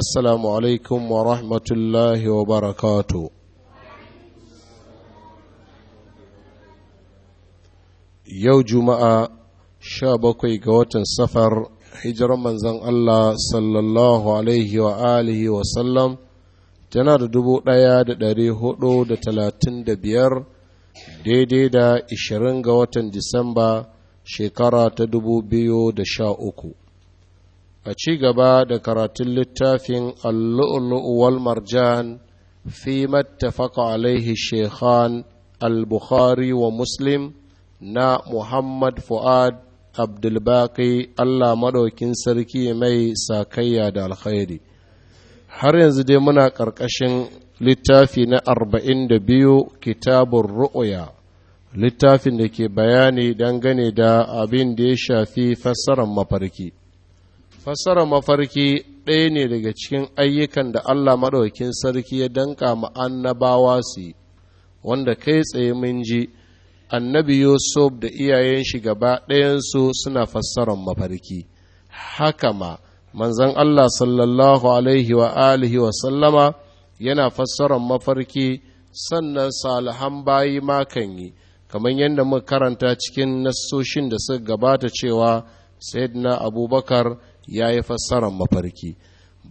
assalamu alaikum wa rahmatullahi wa barakatu yau juma'a sha bakwai ga watan safar hijiran manzan Allah sallallahu alaihi wa wa sallam tana da dubu ɗaya da ɗari hudu da talatin da biyar daidai da ishirin ga watan disamba shekara ta dubu biyu da sha uku a ci gaba da karatun littafin allu'ulu'u wal marjan fi mattafaka alaihi shekhan al-bukhari wa muslim na muhammad fu'ad abdulbaki allah maɗaukin sarki mai sakayya da alkhairi har yanzu dai muna ƙarƙashin littafi na arba'in da biyu kitabun ru'uya littafin da ke bayani dangane da abin da ya shafi fassarar mafarki fassarar mafarki ɗaya ne daga cikin ayyukan da Allah maɗaukin sarki ya danka ma annabawa su wanda kai tsaye mun ji annabi Yusuf da iyayen shi gaba ɗayansu suna fassarar mafarki haka ma manzon Allah sallallahu alaihi wa alihi wa sallama yana fassarar mafarki sannan salihan bayi makan yi kamar yadda muka karanta cikin nasoshin da suka gabata cewa sayyidina abubakar ya yi fassarar mafarki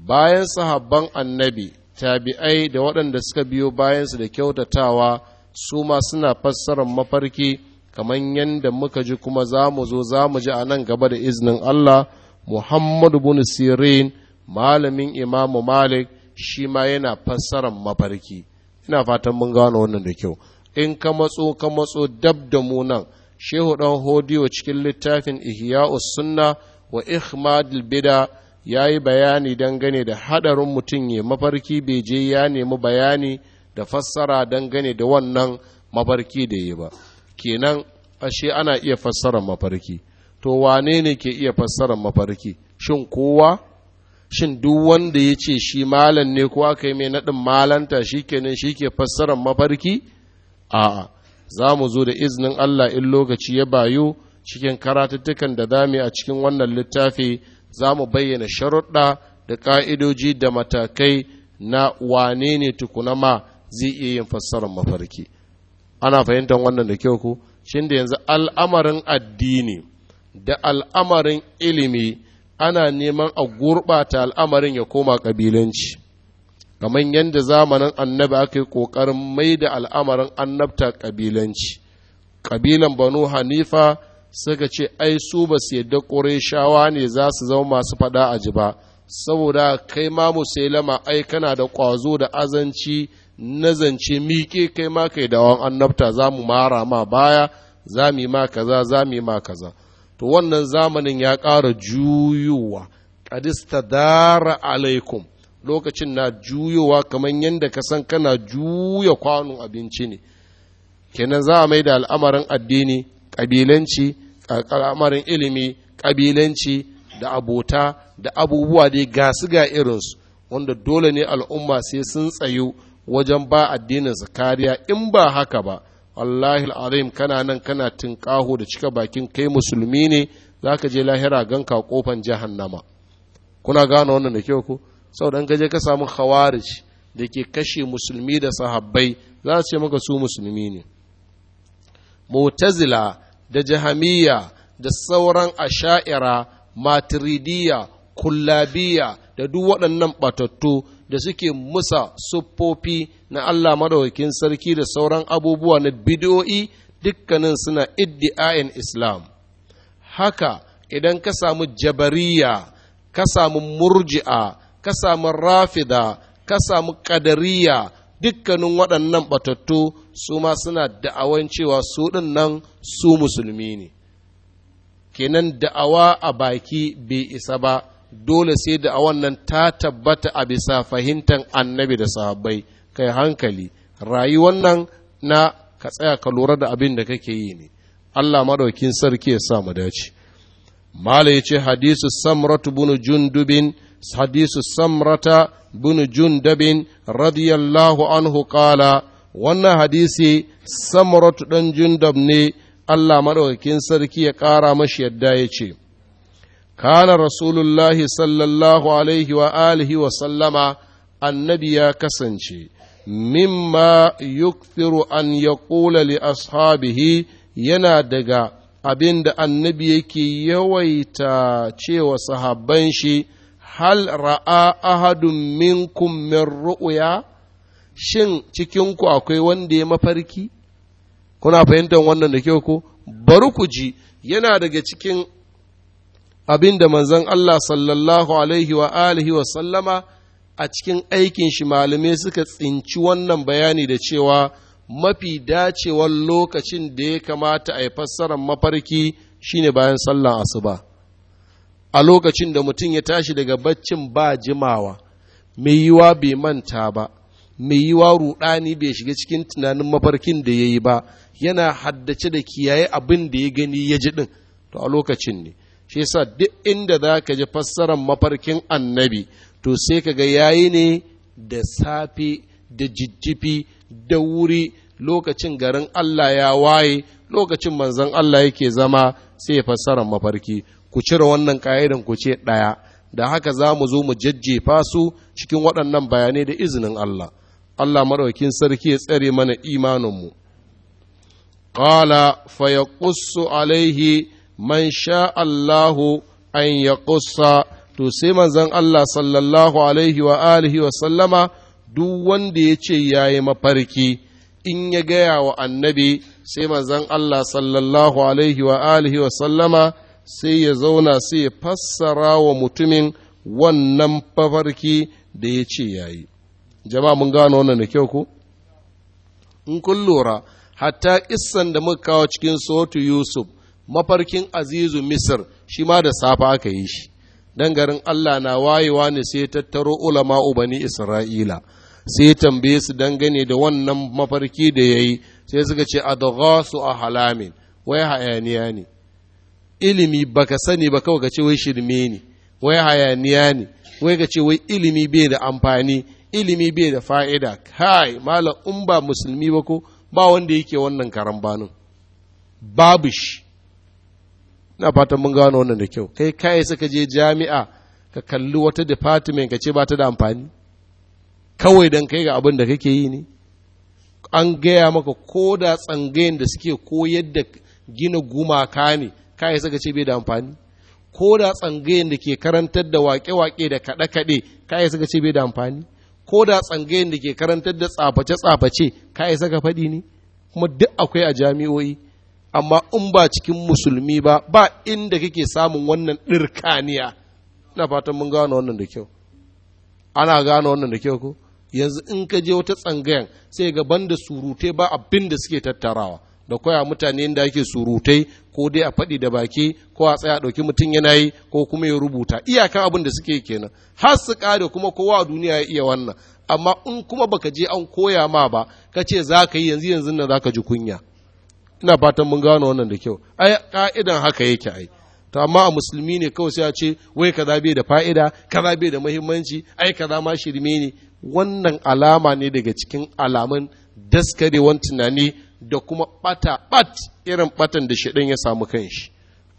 bayan sahabban annabi tabi'ai da waɗanda suka biyo bayansu da kyautatawa su ma suna fassarar mafarki kamar yadda muka ji kuma za mu zo za mu ji a nan gaba da iznin Allah Muhammadu bin Sirin malamin Imamu Malik shi ma yana fassarar mafarki ina fatan mun gano wannan da kyau in ka matso ka matso dab da mu nan shehu dan hodiyo cikin littafin Ihya'us Sunna wa ikhmadul bida ya yi bayani dangane da hadarin mutum ya mafarki bai je ya nemi bayani da fassara dangane da wannan mafarki da yi ba kenan ashe ana iya fassara mafarki to wane ne ke iya fassara mafarki shin kowa shin duk wanda ya ce shi malam ne ko aka yi mai naɗin malanta shi kenan shi ke fassarar mafarki a'a za mu zo da iznin allah in lokaci ya bayu cikin karatuttukan da za mu a cikin wannan littafi za mu bayyana sharuɗa da ƙa'idoji da matakai na wane ne tukuna zai iya yin fassarar mafarki ana fahimtar wannan da kyau ku shin da yanzu al'amarin addini da al'amarin ilimi ana neman a gurɓata al'amarin ya koma ƙabilanci kamar yadda zamanin annabi aka yi ƙoƙarin mai da al'amarin annabta ƙabilanci ƙabilan banu hanifa suka ce ai su ba su yadda shawa ne za su zama masu faɗa a ji ba saboda kai ma lama ai kana da ƙwazo da azanci nazance miƙe kai ma kai da wani annabta za mu mara ma baya za mu yi ma kaza za mu yi ma kaza to wannan zamanin ya ƙara juyowa kadista dara alaikum lokacin na juyowa kamar yadda ka san kana juya kwanon abinci ne kenan za a mai da al'amarin addini ƙabilanci al'amarin ilimi ƙabilanci da abota da abubuwa dai ga su ga irinsu wanda dole ne al'umma sai sun tsayu wajen ba addininsu kariya in ba haka ba wallahi al'azim kana nan kana tinƙaho da cika bakin kai musulmi ne za ka je lahira ganka kofan jahannama kuna gane wannan da kyau ku sau dan gaje ka samu khawarij da ke kashe musulmi da sahabbai za su ce maka su musulmi ne mutazila da jahamiya da sauran asha'ira matiridiya kullabiya da duk waɗannan ɓatattu da suke musa siffofi na Allah madawakin sarki da sauran abubuwa na bidiyo'i dukkanin suna iddi'ayin Islam. Haka idan ka samu jabariya, ka samu murji'a, ka samu rafida, ka samu ƙadariya, dukkanin waɗannan batattu su ma suna da'awan cewa su ɗin nan su musulmi ne kenan da'awa a baki bai isa ba dole sai da'awan nan ta tabbata a bisa fahimtar annabi da sahabbai kai hankali rayuwan nan na ka tsaya ka lura da abin da kake yi ne Allah maɗaukin sarki ya sa mu dace mala ya ce hadisu samratu bin jundubin hadisu samrata bin jundabin radiyallahu anhu kala wannan hadisi samaratu ɗan jundab ne Allah maɗaukakin sarki ya ƙara mashi yadda ya ce kana rasulullahi sallallahu alaihi wa alihi wa sallama annabi ya kasance mimma yukthiru an yaqula li ashabihi yana daga abin da annabi yake yawaita cewa sahabban shi hal ra'a ahadun minkum min ru'ya shin cikinku akwai wanda ya mafarki kuna fahimtar wannan da kyau ko bari ku ji yana daga cikin abin da manzon Allah sallallahu alaihi wa alihi wa sallama a cikin aikin shi malamai suka tsinci wannan bayani da cewa mafi dacewar lokacin da ya kamata a yi fassarar mafarki shine bayan sallar asuba a lokacin da mutum ya tashi daga baccin ba jimawa mai yiwa bai manta ba mai yiwa rudani bai shiga cikin tunanin mafarkin da ya yi ba yana haddace da kiyaye abin da ya gani ya ji ɗin to a lokacin ne shi yasa duk inda za ka ji fassarar mafarkin annabi to sai ka ga yayi ne da safe da jijjifi da wuri lokacin garin Allah ya waye lokacin manzon Allah yake zama sai fassarar mafarki ku cire wannan ƙa'idan ku ce ɗaya da haka za mu zo mu jajjefa su cikin waɗannan bayanai da izinin Allah Allah maɗaukin sarki ya tsare mana imaninmu qala fa ya ƙussu alaihi man sha Allahu an ya ƙussa, to sai manzon Allah sallallahu alaihi wa alihi wa sallama duk wanda ya ce ya yi mafarki in ya gaya wa annabi sai manzon Allah sallallahu alaihi wa alihi wa sallama sai ya zauna sai ya fassara wa mutumin wannan fafarki da ya ce ya yi jama'a mun gano wannan da kyau ku. in kun lura hatta kissan da muka kawo cikin sotu yusuf mafarkin azizu misir shi ma da safa aka yi shi dan garin allah na wayewa ne sai tattaro ulama ubani isra'ila sai ya tambaye su dangane da wannan mafarki da ya yi sai suka ce a su a halamin wai hayaniya ne ilimi baka sani ba kawai ka ce wai shirme ne wai hayaniya ne wai ka ce wai ilimi bai da amfani ilimi bai da fa'ida kai malam in ba musulmi ba ko ba wanda yake wannan karambanin babu shi na fatan mun gano wannan da kyau kai kai suka je jami'a ka kalli wata department ka ce ba ta da amfani kawai don kai ga abin da kake yi ne an gaya maka ko da tsangayin da suke koyar da gina gumaka ne ka yi saka ce bai da amfani ko da tsangayen da ke karantar da waƙe-waƙe da kaɗe-kaɗe ka yi saka ce bai da amfani ko da tsangayen da ke karantar da tsaface-tsaface ka yi saka faɗi ne kuma duk akwai a jami'o'i amma in ba cikin musulmi ba ba inda kake samun wannan ɗirkaniya ina fatan mun gano wannan da kyau ana gano wannan da kyau ko yanzu in ka je wata tsangayen sai ga da surutai ba abin da suke tattarawa da koya mutane da ake surutai ko dai a faɗi da baki ko a tsaya ɗauki mutum yana yi ko kuma ya rubuta iyakan abin da suke kenan har su ƙare kuma kowa a duniya ya iya wannan amma in kuma baka je an koya ma ba ka ce za ka yi yanzu yanzu nan za ka ji kunya ina fatan mun gano wannan da kyau ai ka'idan haka yake ai to amma a musulmi ne kawai sai a ce wai kaza bai da fa'ida kaza bai da muhimmanci ai kaza ma shirme ne wannan alama ne daga cikin alaman daskarewan tunani da kuma bata bat irin batan da shaɗan ya samu kanshi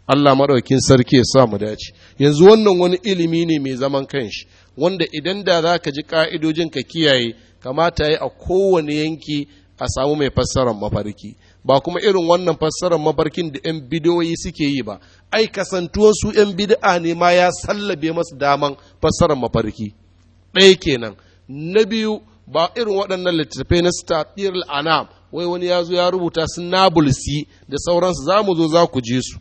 Allah maɗaukin sarki ya sa mu dace yanzu wannan wani ilimi ne mai zaman kanshi wanda idan da za ka ji ka'idojin ka kiyaye kamata ya a kowane yanki a samu mai fassarar mafarki ba kuma irin wannan fassarar mafarkin da 'yan bidiyoyi suke yi ba ai kasantuwar su 'yan bid'a ne ma ya sallabe masu daman fassarar mafarki ɗaya kenan na biyu ba irin waɗannan littattafai na statir anam wai wani ya zo ya rubuta su da sauransu za mu zo za ku je su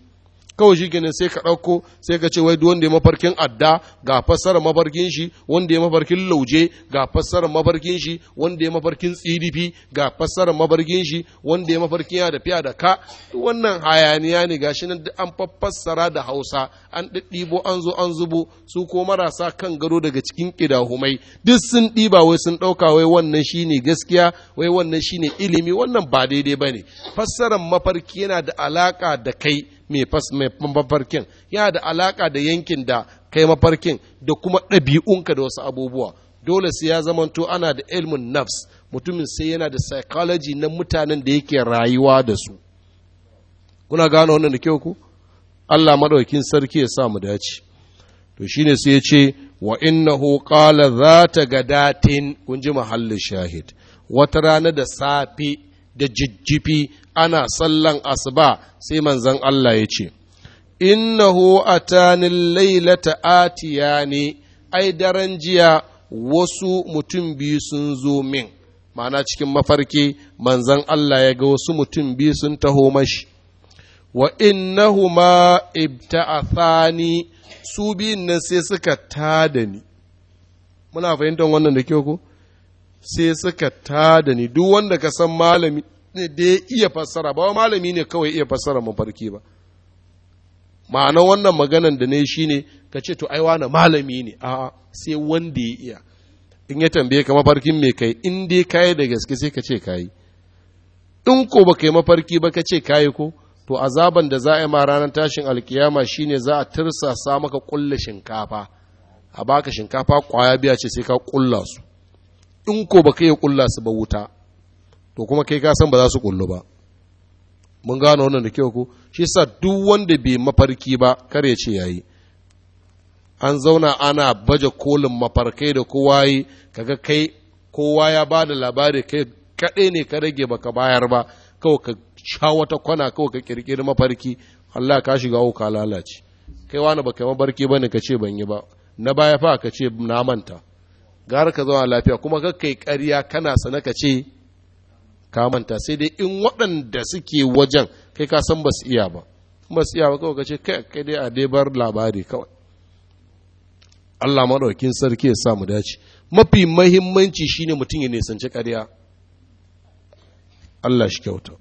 kawai shi kenan sai ka ɗauko sai ka ce wai duk wanda ya mafarkin adda ga fassara mafarkin shi wanda ya mafarkin lauje ga fassara mafarkin shi wanda ya mafarkin tsidifi ga fassara mafarkin shi wanda ya mafarkin ya da fiya da ka wannan hayaniya ne gashi nan duk an fassara da hausa an ɗiɗɗibo an zo an zubo su ko marasa kan gado daga cikin ƙidahumai duk sun ɗiba wai sun ɗauka wai wannan shi ne gaskiya wai wannan shi ne ilimi wannan ba daidai ba ne fassarar mafarki yana da alaƙa da kai mai fas mai mafarkin yana da alaka da yankin da kai mafarkin da kuma ɗabi'unka da wasu abubuwa dole sai ya zamanto ana da ilmin nafs mutumin sai yana da psychology na mutanen da yake rayuwa da su kuna gano wannan da kyau ku Allah madaukin sarki ya sa mu dace to shine sai ya ce wa innahu qala zata gadatin kun ji mahallin shahid wata rana da safe da jijjifi ana sallan asuba sai manzon Allah ya ce innahu tanin lailata ne, ai daren jiya wasu mutum biyu sun zo min mana cikin mafarki manzon Allah ya ga wasu mutum biyu sun taho mashi wa innahuma ibta'athani su biyun nan sai suka tada ni muna fahimtar wannan da kyau ko sai suka tada ni duk wanda ka san malami ne da ya iya fassara ba malami ne kawai iya fassara mafarki ba ma'ana wannan maganan da ne shine ka ce to aiwa malami ne a sai wanda ya iya in ya tambaye ka mafarkin mai kai in dai kayi da gaske sai ka ce kayi in ko ba yi mafarki ba ka ce kayi ko to azaban da za a yi ma ranar tashin alkiyama shine za a tursasa maka kulla shinkafa a baka shinkafa kwaya biya ce sai ka kulla su in ko baka ya kulla su ba wuta to kuma kai ka san ba za su kullu ba mun gano wannan da kyau ko shi yasa duk wanda bai mafarki ba kar ya ce yayi an zauna ana baje kolin mafarkai da kowa yi kaga kai kowa ya ba da labari kai kaɗai ne ka rage baka bayar ba kawai ka sha wata kwana kawai ka kirkiri mafarki Allah ka shiga ka lalace kai wani baka mafarki bane ka ce ban yi ba na baya fa ka ce na manta gara ka zama lafiya kuma kai ƙarya kana sana ka ce ka manta sai dai in waɗanda suke wajen kai ka san basu iya ba basu iya ba kawai ka ce kai kai dai a dai labari kawai Allah maɗaukin sarki ya sa mu dace mafi mahimmanci shine mutum ya nisanci ƙarya Allah shi kyauta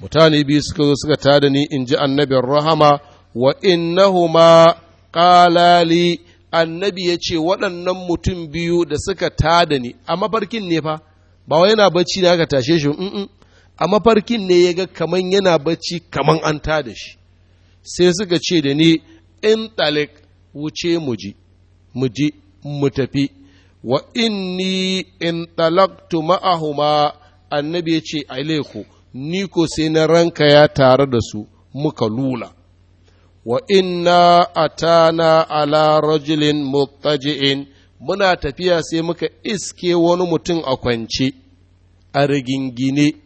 mutane biyu suka zo suka tada ni in ji annabin rahama wa innahuma qalali annabi ya ce waɗannan mutum biyu da suka tada ni a mafarkin ne fa ba wai yana bacci da aka tashe shi a mafarkin ne ya ga kaman yana bacci kaman an tada shi sai suka ce da ni in talik wuce mu ji mu ji mu tafi wa inni in talaktu ma'ahuma annabi ya ce alaiku ni ko sai na ranka ya tare da su muka lula wa inna atana ala rajulin muttaji'in muna tafiya sai muka iske wani mutum a kwance a rigingine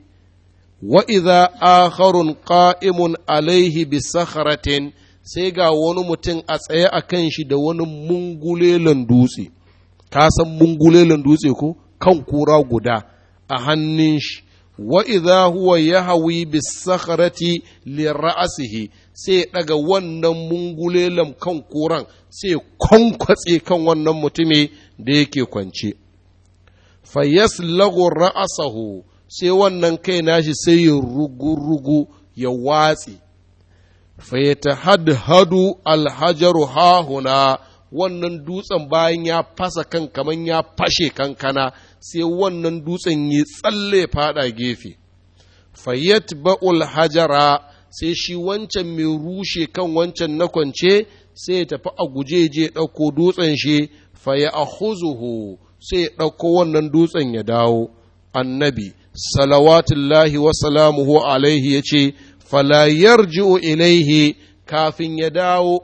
wa idza akharun qa'imun alaihi bi sakharatin sai ga wani mutum a tsaye a kan shi da wani mungulelan dutse ka san mungulelan dutse ko kan kura guda a hannun shi wa idza huwa yahwi bis sakharati li ra'sihi sai ya ɗaga wannan mungulelan kan koran sai ya kwankwatse kan wannan mutumi da yake kwance fayyas lagun ra'asahu sai wannan kai nashi sai ya rugu-rugu ya watsi fayyata hadu alhajaru hahuna wannan dutsen bayan ya fasa kan kamar ya fashe kankana sai wannan dutsen ya tsalle fada gefe fayyat ba'ul hajara sai shi wancan mai rushe kan wancan na kwance sai ya tafi a guje je ɗauko dutsen shi fa ya ahuzuhu sai ya ɗauko wannan dutsen ya dawo annabi salawatullahi wa salamuhu alaihi ya ce fala yarji'u ilaihi kafin ya dawo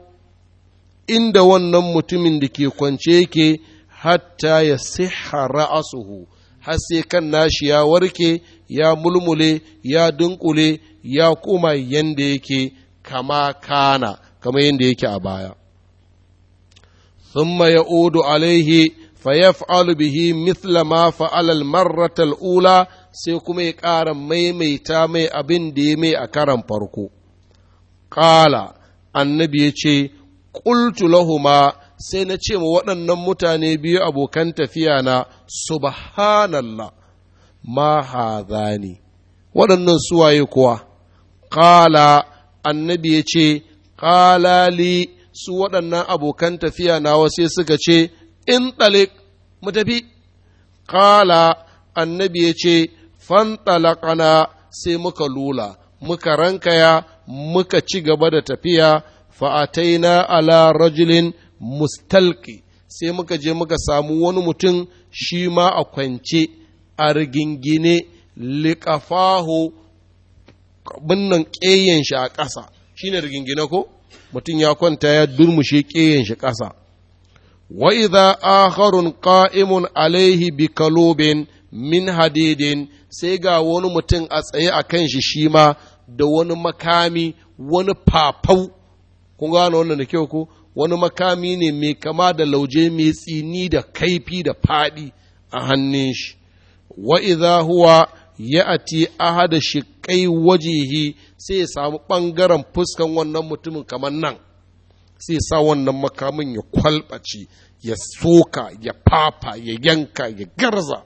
inda wannan mutumin da ke kwance yake hatta ya siha ra'asuhu har sai kan nashi ya warke ya mulmule ya dunkule ya koma yanda yake kama kana kama yanda yake a baya thumma odu alaihi fayaf'alu bihi mithla ma fa'ala al-marrata al-ula sai kuma ya ƙara maimaita mai abin da ya mai a karan farko ƙala annabi yace ce ƙultu sai na ce ma waɗannan mutane biyu abokan tafiya na subhanallah ma ne waɗannan suwaye kuwa ƙala annabi ya ce ƙalali su waɗannan abokan tafiya nawa sai suka ce in ɗalik mu tafi ƙala annabi ya ce fanɗalaƙana sai muka lula muka rankaya muka ci gaba da tafiya fa'ataina ala rajulin mustalki sai muka je muka samu wani mutum shi ma a kwance a rigingine liƙafahu binnan ƙeyen shi a ƙasa shi ne rigingine ko mutum ya kwanta ya durmushe ƙeyen shi ƙasa wa a harun qa'imun alaihi bi kalubin min hadidin sai ga wani mutum a tsaye a kan shi shi ma da wani makami wani fafau kun gano wannan da kyau ko wani makami ne mai kama da lauje mai tsini da kaifi da faɗi a hannun shi wa idza huwa ya'ati ahada shiqai wajihi sai ya samu ɓangaren fuskan wannan mutumin kamar nan sai sa wannan makamin ya kwalbace ya soka ya fafa ya yanka ya garza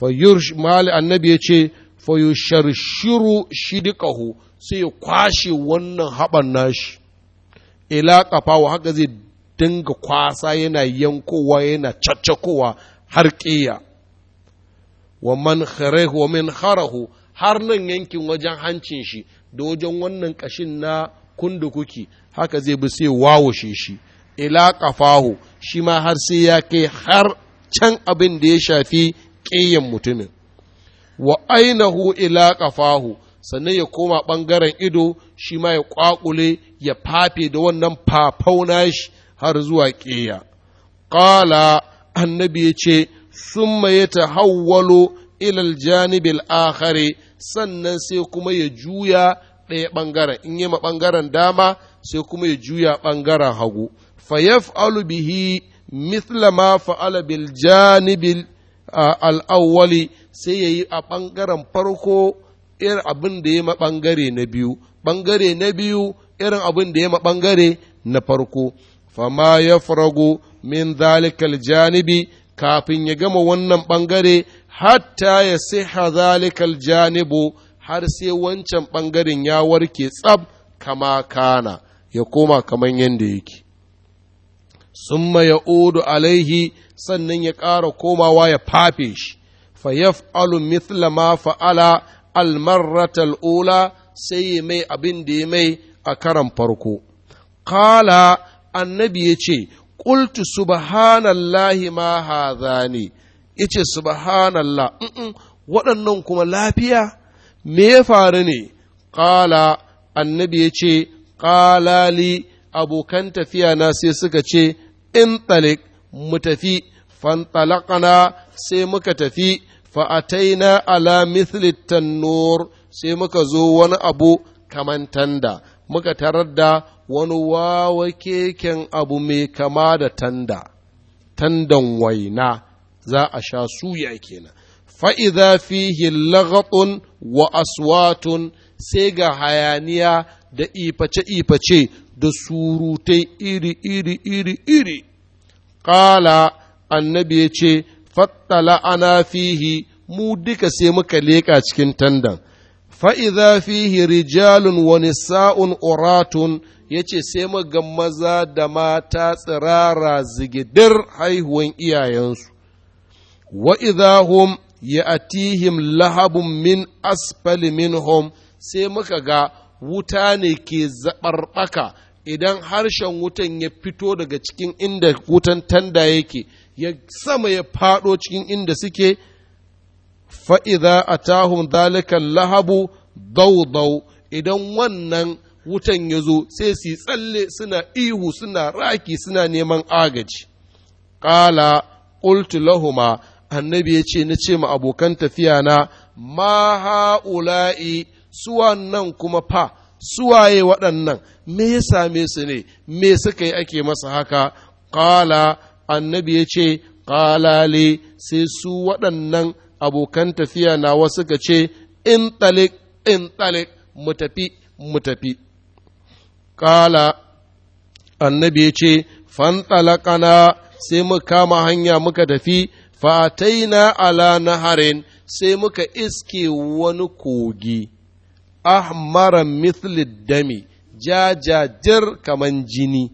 fayursh mali annabi ya ce fayusharshiru shidikahu sai ya kwashe wannan haɓan nashi ila wa haka zai dinga kwasa yana yankowa yana caccakowa har ƙiya wa man kharehu min kharahu har nan yankin wajen hancin shi da wajen wannan kashin na kuki, haka zai bi sai wawashe shi ila kafahu shi ma har sai ya kai har can abin da ya shafi ƙeyan mutumin wa ainahu ila kafahu sannan ya koma ɓangaren ido shi ma ya ƙwaƙule ya fafe da wannan fafau shi har zuwa ƙeya ƙala annabi ya ce summa ya tahawwalo ilal janibil akhari sannan sai kuma ya juya ɗaya ɓangaren in yi ma ɓangaren dama sai kuma ya juya ɓangaren hagu fayaf'alu bihi mithla ma fa'ala bil janibil al'awwali sai ya yi a ɓangaren farko irin abin da ya ma ɓangare na biyu ɓangare na biyu irin abin da ya ma ɓangare na farko fama ya farago min zalikal janibi kafin ya gama wannan ɓangare hatta ya siha zalikal janibu har sai wancan ɓangaren ya warke tsab kama kana ya koma kaman yadda yake summa ya odu alaihi sannan ya ƙara komawa ya fafe shi fa yaf'alu mithla ma fa'ala almarratal ula sai ya mai abin da ya mai a karan farko qala annabi ya ce Ƙultu subhanallahi ma ne. Ice subhanallah waɗannan kuma lafiya me ya faru ne Ƙala. annabi yace ƙalali li abokan tafiya na sai suka ce in talik mu tafi fantalaqana sai muka tafi fa'ataina ala mithlittan tannur sai muka zo wani abu kamantanda muka tarar da wani wawa keken abu mai kama da tanda tandan waina za a sha suya kenan fa'iza fihi lagatun wa aswatun sai ga hayaniya da iface-iface da surutai iri-iri-iri-iri ƙala annabi ya ce fattala ana fihi mu duka sai muka leƙa cikin tandan fa'iza fihi rijalun wani sa'un oratun ya ce sai maga maza da mata tsirara zigidir haihuwan iyayensu wa idahum ya atihim lahabun min asfali minhum sai muka ga wuta ne ke zaɓarɓaka idan harshen wutan ya fito daga cikin inda wutan tanda yake ya sama ya faɗo cikin inda suke fa'iza a tahun zalikan lahabu dau idan wannan wutan ya zo sai su tsalle suna ihu suna raki suna neman agaji ƙala ƙultu lahuma annabi ya ce na ce ma abokan tafiya na ma ha'ula'i suwan nan kuma fa suwaye waɗannan me ya same su ne me suka yi ake masa haka ƙala annabi ya ce ƙalale sai su waɗannan abokan tafiya na wasu ka ce in talik in talik mu tafi mu tafi ƙala annabi ya ce fantalakana sai muka kama hanya muka tafi fataina ala naharin sai muka iske wani kogi ahmaran mithlid dami jajajir kaman jini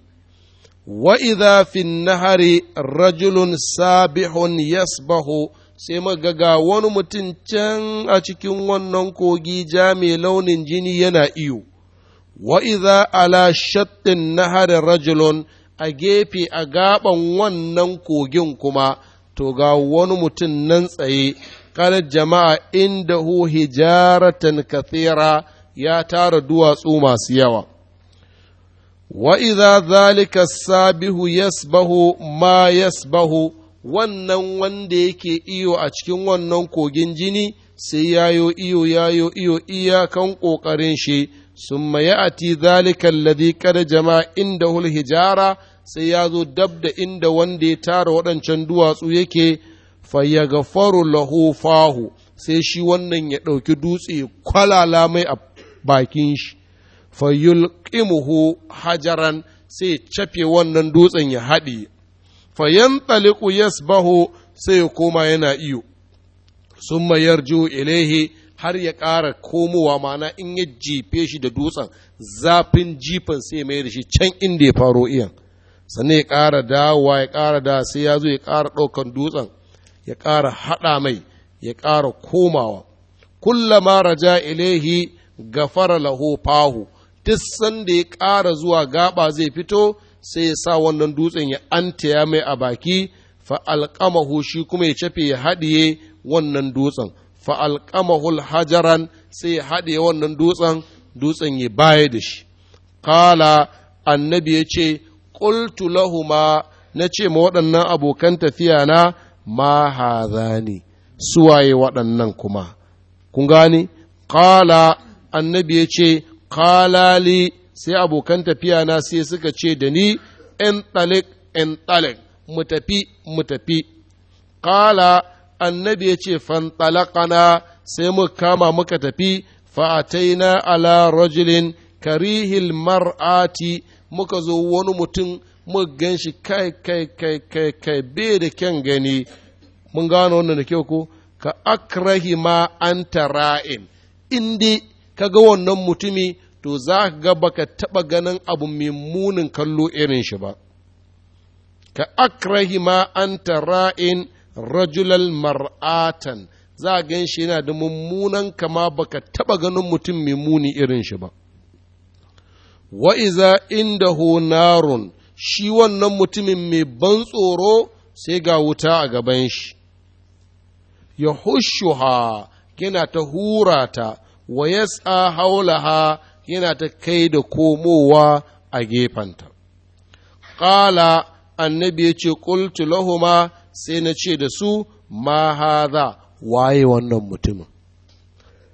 wa idha fin nahari rajulun sabihun yasbahu sai muka ga wani mutum can a cikin wannan kogi ja mai launin jini yana iyo Wa'iza iza ala shattin nahari rajulun a gefe a gaban wannan kogin kuma to ga wani mutum nan tsaye kar jama'a inda hu hijaratan kathira ya tara duwatsu masu yawa Wa'iza zalika sabihu yasbahu ma yasbahu wannan wanda yake iyo a cikin wannan kogin jini sai yayo iyo yayo iyo iyakan ƙoƙarin shi summa ya'ti dhalika alladhi qad jama indahu alhijara sai ya zo dab da inda wanda ya tara waɗancan duwatsu yake fayyagafaru lahu fahu sai shi wannan ya ɗauki dutse kwalala mai a bakin shi fayyulqimuhu hajaran sai cafe wannan dutsen ya haɗe fayantaliqu yasbahu sai ya koma yana iyo summa yarju ilaihi har ya ƙara komowa mana in ya jefe shi da dutsen zafin jifan sai mai da shi can inda ya faro iyan sannan ya ƙara dawa ya ƙara da sai ya zo ya ƙara ɗaukan dutsen ya ƙara haɗa mai ya ƙara komawa kullama raja ilaihi gafara lahu fahu duk sanda ya ƙara zuwa gaba zai fito sai ya sa wannan dutsen ya antaya mai a baki fa alƙamahu shi kuma ya cafe ya haɗiye wannan dutsen fa'alƙamahul hajaran sai haɗe wannan dutsen dutsen ya baya da shi kala annabi ya ce ƙultu lahuma na ce ma waɗannan abokan tafiya na ma haza ne suwaye waɗannan kuma kun gane kala annabi ya ce kalali sai abokan tafiya na sai suka ce da ni in ɗalik in ɗalik mu tafi mu tafi kala annabi ya ce fantalaqana sai muka kama muka tafi fa'ataina ala rajulin karihil mar'ati muka zo wani mutum muka gan shi kai kai kai kai kai bai da kyan gani mun gano wannan da kyau ko ka akrahi ma an tara'in indi ka ga wannan mutumi to za ka ga baka taɓa ganin abu mai munin kallo irin shi ba ka akrahi ma an tara'in rajulal mar'atan za a gan shi yana da mummunan kama baka taba ganin mutum mai muni irin shi ba wa iza indahu narun shi wannan mutumin mai ban tsoro sai ga wuta a gaban shi ya hushuha yana ta hurata ta wa yas'a haulaha yana ta kai da komowa a gefenta ƙala annabi ya ce ƙultu lahuma sai na ce da su ma haza waye wannan mutumin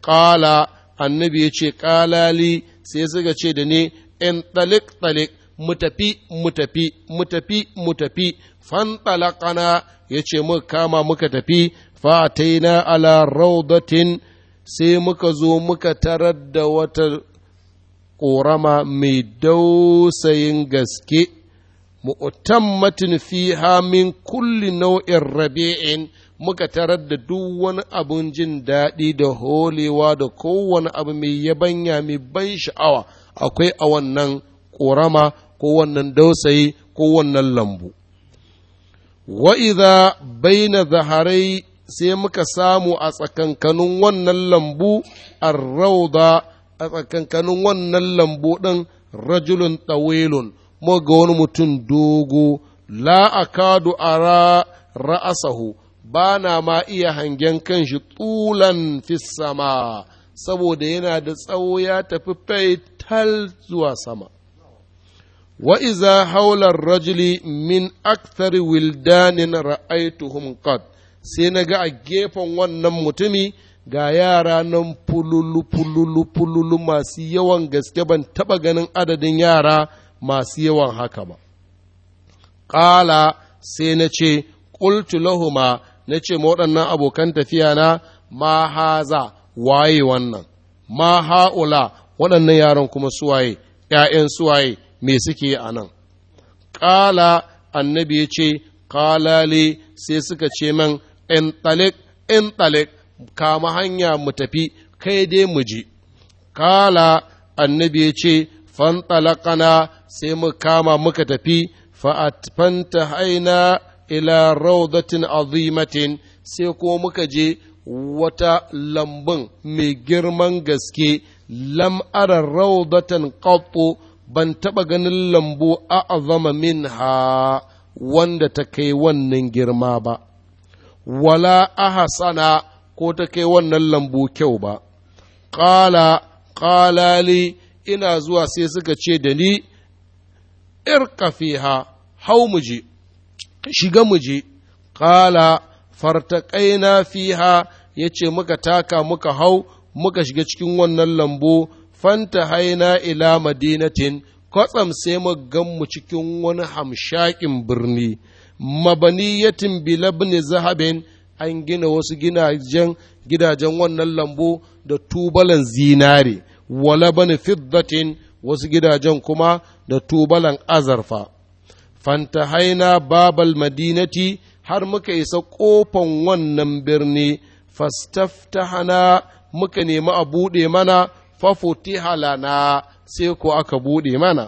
ƙala annabi ya ce ƙalali sai suka ce da ne in ɗalik ɗalik mutafi mutafi mutafi mutafi fan ɗalakana ya ce muka kama muka tafi fataina ala raudatin sai muka zo muka tarar da wata ƙorama mai dausayin gaske mu'tammatin fiha min kulli nau'in rabi'in muka tarar da duk wani abun jin daɗi da holewa da kowane abu mai yabanya mai ban sha'awa akwai a wannan ƙorama ko wannan dausayi ko wannan lambu wa'iza baina zaharai sai muka samu a tsakankanin wannan lambu arrauda a tsakankanin wannan lambu ɗin rajulun tawilun muka wani mutum dogo la akadu ara ra'asahu ba na ma iya hangen kan shi tulan sama saboda yana da tsawo ya tafi faital zuwa sama wa iza haular rajili min akthar wildanin ra'aituhum qad sai na ga a gefen wannan mutumi ga yara nan fululu fululu fululu masu yawan gaske ban taba ganin adadin yara masu yawan haka ba ƙala sai na ce ƙultu lahuma na ce waɗannan abokan tafiya na ma haza waye wannan ma ha'ula waɗannan yaron kuma suwaye ‘ya'yan suwaye me suke a nan ƙala annabi ya ce ƙalale sai suka ce man in talik in talik kama hanya mu tafi kai dai mu ji ƙala annabi ya ce fantalaqana sai mu kama muka tafi fa'atfanta haina ila raudatin azimatin sai ko muka je wata lambun mai girman gaske lam'arar raudatan qattu ban taɓa ganin lambu a azama min ha wanda ta kai wannan girma ba wala ahasana ko ta kai wannan lambu kyau ba ƙala ƙalali ina zuwa sai suka ce da ni irka fiha hau muje shiga muje kala fartaƙaina fiha ya ce muka taka muka hau muka shiga cikin wannan lambu fanta haina ila madinatin kwatsam sai mu cikin wani hamshakin birni mabaniyatin bilabni zahabin an gina wasu gidajen wannan lambu da tubalan zinare wa labani fiddatin wasu gidajen kuma da tubalan azarfa fantahaina babal madinati har muka isa ƙofan wannan birni fastaftahana muka nemi a buɗe mana fafutiha lana sai ko aka buɗe mana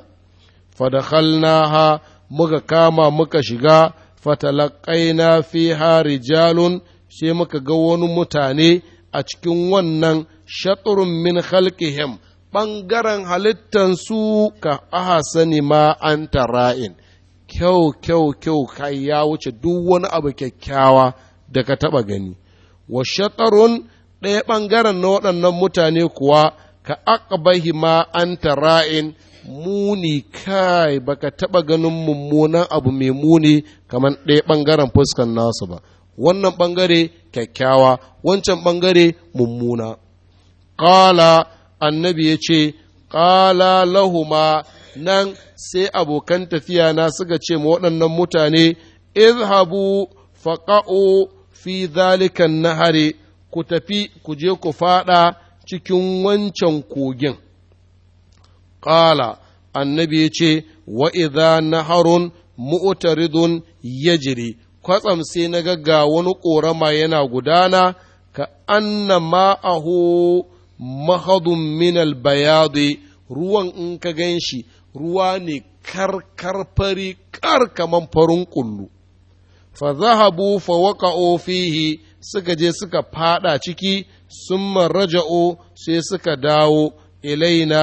fadakhalnaha muka kama muka shiga fatalaƙaina fiha rijalun sai muka ga wani mutane a cikin wannan shatrun min halkihim ɓangaren halittansu ka sani ma an tara'in kyau kyau kyau kai ya wuce duk wani abu kyakkyawa da ka taɓa gani wa shatarun ɗaya ɓangaren na waɗannan mutane kuwa ka aqbahi ma an tara'in muni kai baka taɓa ganin mummunan abu mai muni kamar ɗaya ɓangaren fuskan nasu ba wannan ɓangare kyakkyawa wancan ɓangare mummuna Kala annabi ya ce ƙala lahuma nan sai abokan tafiya na suka ce ma waɗannan mutane izhabu faƙa'o fi zalikan nahari ku tafi ku je ku faɗa cikin wancan kogin ƙala annabi ya ce wa idha naharun mu'taridun yajri kwatsam sai na gaggawa wani ƙorama yana gudana ka annama ma'ahu mahadun minal bayadi ruwan in ka gan shi ruwa ne karkar fari kar kaman farin kullu fa zahabu fa waqa'u fihi suka je suka fada ciki summa raja'u sai suka dawo ilaina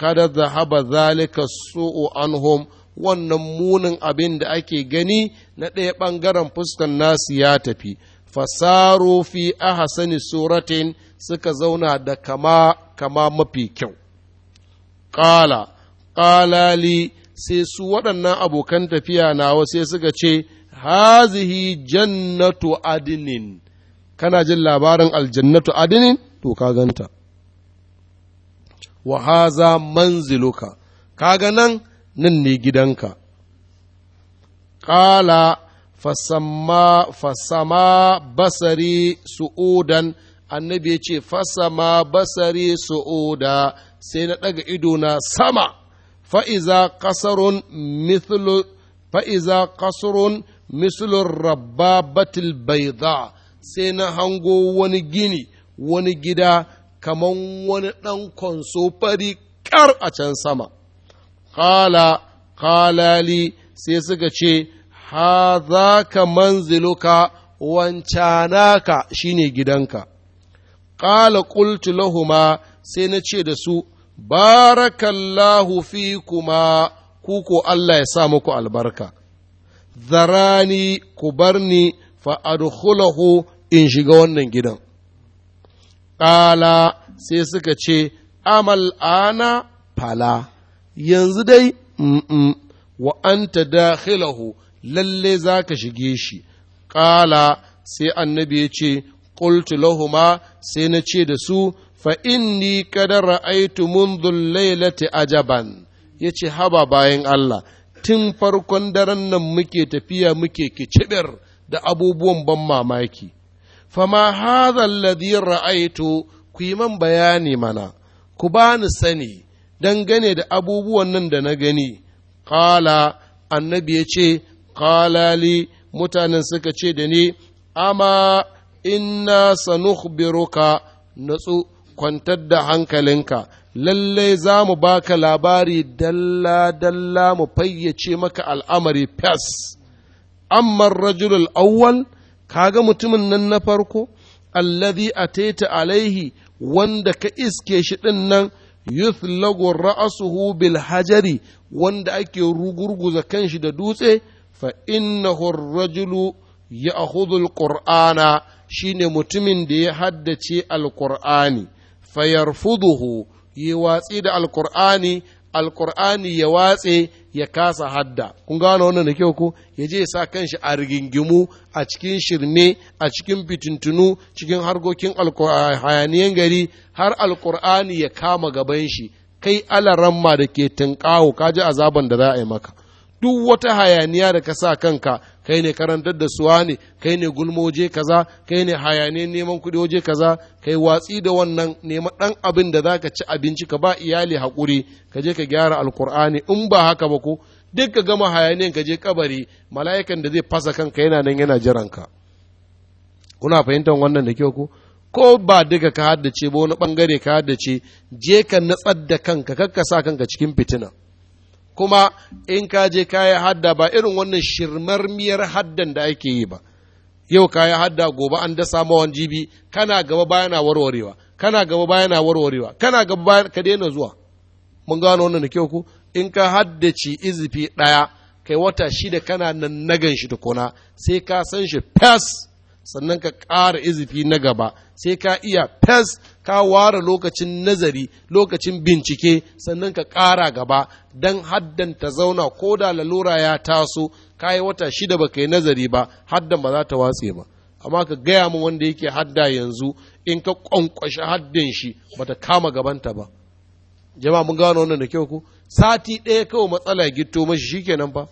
kada zahaba zalika su'u anhum wannan munin abin da ake gani na ɗaya ɓangaren fuskan nasu ya tafi fasaru fi ahsani suratin suka zauna da kama kama mafi kyau qala qala sai su waɗannan abokan tafiya nawa sai suka ce hazihi jannatu adinin kana jin labarin aljannatu adinin to ka ganta wa haza manziluka kaga nan nan ne gidanka ƙala fasama fasama basari su'udan annabi ya ce fasama basari su'uda sai na ɗaga idona sama fa'iza kasarun mithlu fa'iza rabba batil sai na hango wani gini wani gida kaman wani ɗan konso fari ƙar a can sama ƙala ƙalali sai suka ce ha za ka manziluka wancanaka shine gidanka ƙala ƙultu lahuma sai na ce da su barakallahu fi kuma kuko Allah ya sa muku albarka zarani ku bar barni fa'adukhulahu in shiga wannan gidan ƙala sai suka ce amal ana fala yanzu dai wa'anta da dakhilahu lalle za ka shige shi ƙala sai annabi ya ce qultu lahuma sai na ce da su fa inni ra'aitu ra'aytu منذ laylati ajaban ce haba bayan Allah tun farkon daren nan muke tafiya muke kicibir da abubuwan ban mamaki fama hadha alladhi ra'aitu ku yi man bayani mana ku bani sani dangane da abubuwan nan da na gani Ƙala annabi ce. li mutanen suka ce da ni amma biro ka natsu kwantar da hankalinka lallai za mu baka labari dalla-dalla mu fayyace maka al'amari fas amma rajulul awwal kaga mutumin nan na farko allazi taita alaihi wanda ka iske shi ɗin nan yuthlagu ra'asuhu bil hajari wanda ake rugurguza kanshi da dutse fa innahu rajulu ya ahudul ƙur'ana shi ne mutumin da ya haddace alƙur'ani fayarfuduhu ya watsi da alƙur'ani alƙur'ani ya watse ya kasa hadda kun gano wannan da kyau ko ya je sa kanshi a rigingimu a cikin shirme a cikin fitintunu cikin harkokin hayaniyan gari har alƙur'ani ya kama gaban shi kai alaramma da ke ka ji azaban da za a yi maka duk wata hayaniya da ka sa kanka kai ne karantar da suwa ne kai ne gulmo waje kaza kai ne hayaniya neman kuɗi waje kaza kai watsi da wannan nema ɗan abin da za ka ci abinci ka ba iyali haƙuri ka je ka gyara alkur'ani in ba haka ba ko duk ka gama hayaniyan ka je kabari mala'ikan da zai fasa kanka yana nan yana jiranka kuna fahimtar wannan da kyau ko ko ba duka ka haddace ba wani bangare ka haddace je ka natsar da kanka kakka sa kanka cikin fitina kuma in ka je kayan hadda ba irin wannan shirmar miyar haddan da ake yi ba yau kayi hadda gobe an dasa mawan jibi kana gaba bayana warwarewa kana gaba bayana warwarewa kana gaba bayan ka daina zuwa mun gano wannan da kyau ku in ka haddaci izifi ɗaya kai wata shida kana nan nagan shi tukuna sai ka san shi fes sannan ka ƙara izifi na gaba sai ka iya fes ka ware lokacin nazari lokacin bincike sannan ka ƙara gaba don haddan ta zauna ko da lalura ya taso ka yi wata shida ba ka yi nazari ba haddan ba za ta watse ba amma ka gaya mu wanda yake hadda yanzu in ka ƙwanƙwashe haddin shi ba ta kama gabanta ba jama'a mun gano wannan da kyau ku sati ɗaya kawai matsala gito mashi shikenan fa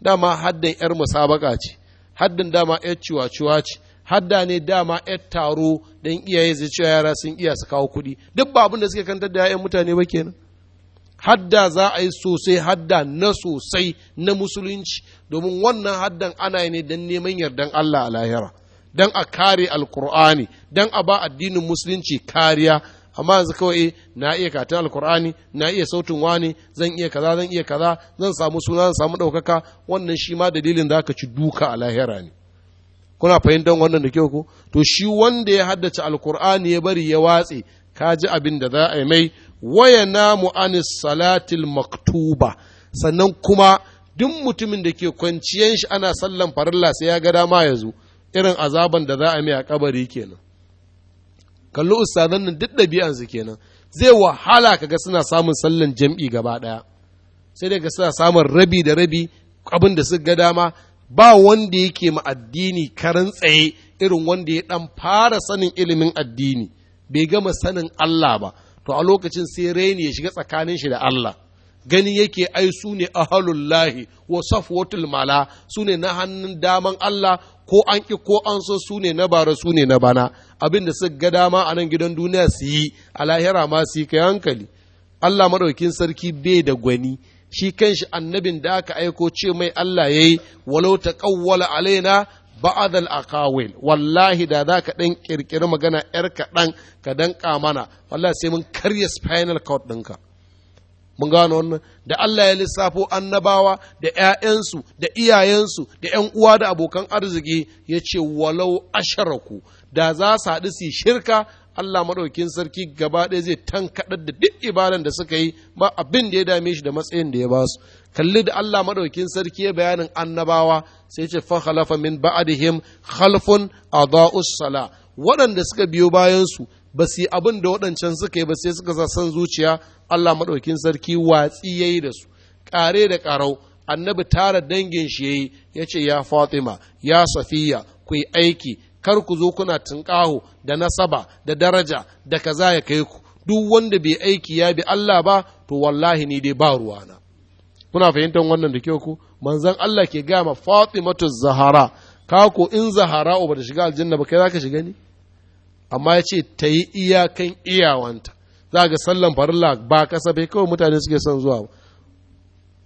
dama haddan yar musabaka ce haddin dama yar ciwa-ciwa ce hadda ne dama yar taro don iyaye zai cewa yara sun iya su kawo kuɗi duk ba abin da suke kantar da 'ya'yan mutane ba kenan hadda za a yi sosai hadda na sosai na musulunci domin wannan haddan ana yi ne don neman yardan Allah a lahira don a kare alkur'ani don a ba addinin musulunci kariya amma yanzu kawai eh, na iya katin alkur'ani na iya sautin wani zan iya kaza zan iya kaza zan samu suna zan samu ɗaukaka wannan shi ma dalilin da aka ci duka a lahira ne kuna fahimtar wannan da kyau ko to shi wanda ya haddace alkur'ani ya bari ya watse ka ji abin da za a yi mai waya namu anis salatil maktuba sannan kuma duk mutumin da ke kwanciyan shi ana sallan farilla sai ya ga dama ya zo irin azaban da za a yi mai a kabari kenan kalli ustazan nan duk ɗabi'ansu kenan zai wahala kaga suna samun sallan jam'i gaba ɗaya sai dai daga suna samun rabi da rabi abin da suka ga dama ba wanda yake ma addini karan tsaye irin wanda ya ɗan fara sanin ilimin addini bai gama sanin Allah ba to a lokacin sai raini ya shiga tsakanin shi da Allah gani yake ai su ne ahalullahi wa safwatul mala su ne na hannun daman Allah ko an ki ko an so su ne na bara su ne na bana abin da suka ga dama a nan gidan duniya su yi a lahira ma su yi kai hankali Allah madaukin sarki bai da gwani shi kanshi annabin da aka aiko ce mai Allah yayi walau taqawwala alaina ba'ad al kawai wallahi da za ka ɗan ƙirƙiri magana 'yar kaɗan ka danka mana wallahi sai mun karya spinal cord ɗinka. mun gano wannan da Allah ya lissafo annabawa da ‘ya'yansu da iyayensu da ‘yan uwa da abokan arziki ya ce walau asharaku da za su haɗu su shirka Allah maɗaukin sarki gaba ɗaya zai tankaɗar da duk ibadan da suka yi ba abin da ya dame shi da matsayin da ya ba su kalli da Allah maɗaukin sarki ya bayanin annabawa sai ce fa khalafa min ba'dihim khalfun adaa'us sala waɗanda suka biyo bayan su ba su yi abin da waɗancan suka yi ba sai suka sa san zuciya Allah maɗaukin sarki watsi ya yi da su ƙare da ƙarau annabi tara dangin shi ya yi ya ce ya fatima ya safiya ku yi aiki kar ku zo kuna tunƙaho da nasaba da daraja da kaza ya kai ku duk wanda bai aiki ya bi Allah ba to wallahi ni dai ba ruwana kuna fahimtar wannan da kyau ku manzon Allah ke gaya ma fatimatu zahara kako in zahara ba ta shiga aljanna ba kai ka shiga ni amma ya ce ta yi iyakan iyawanta za ga sallan farilla ba kasa bai kawai mutane suke son zuwa ba.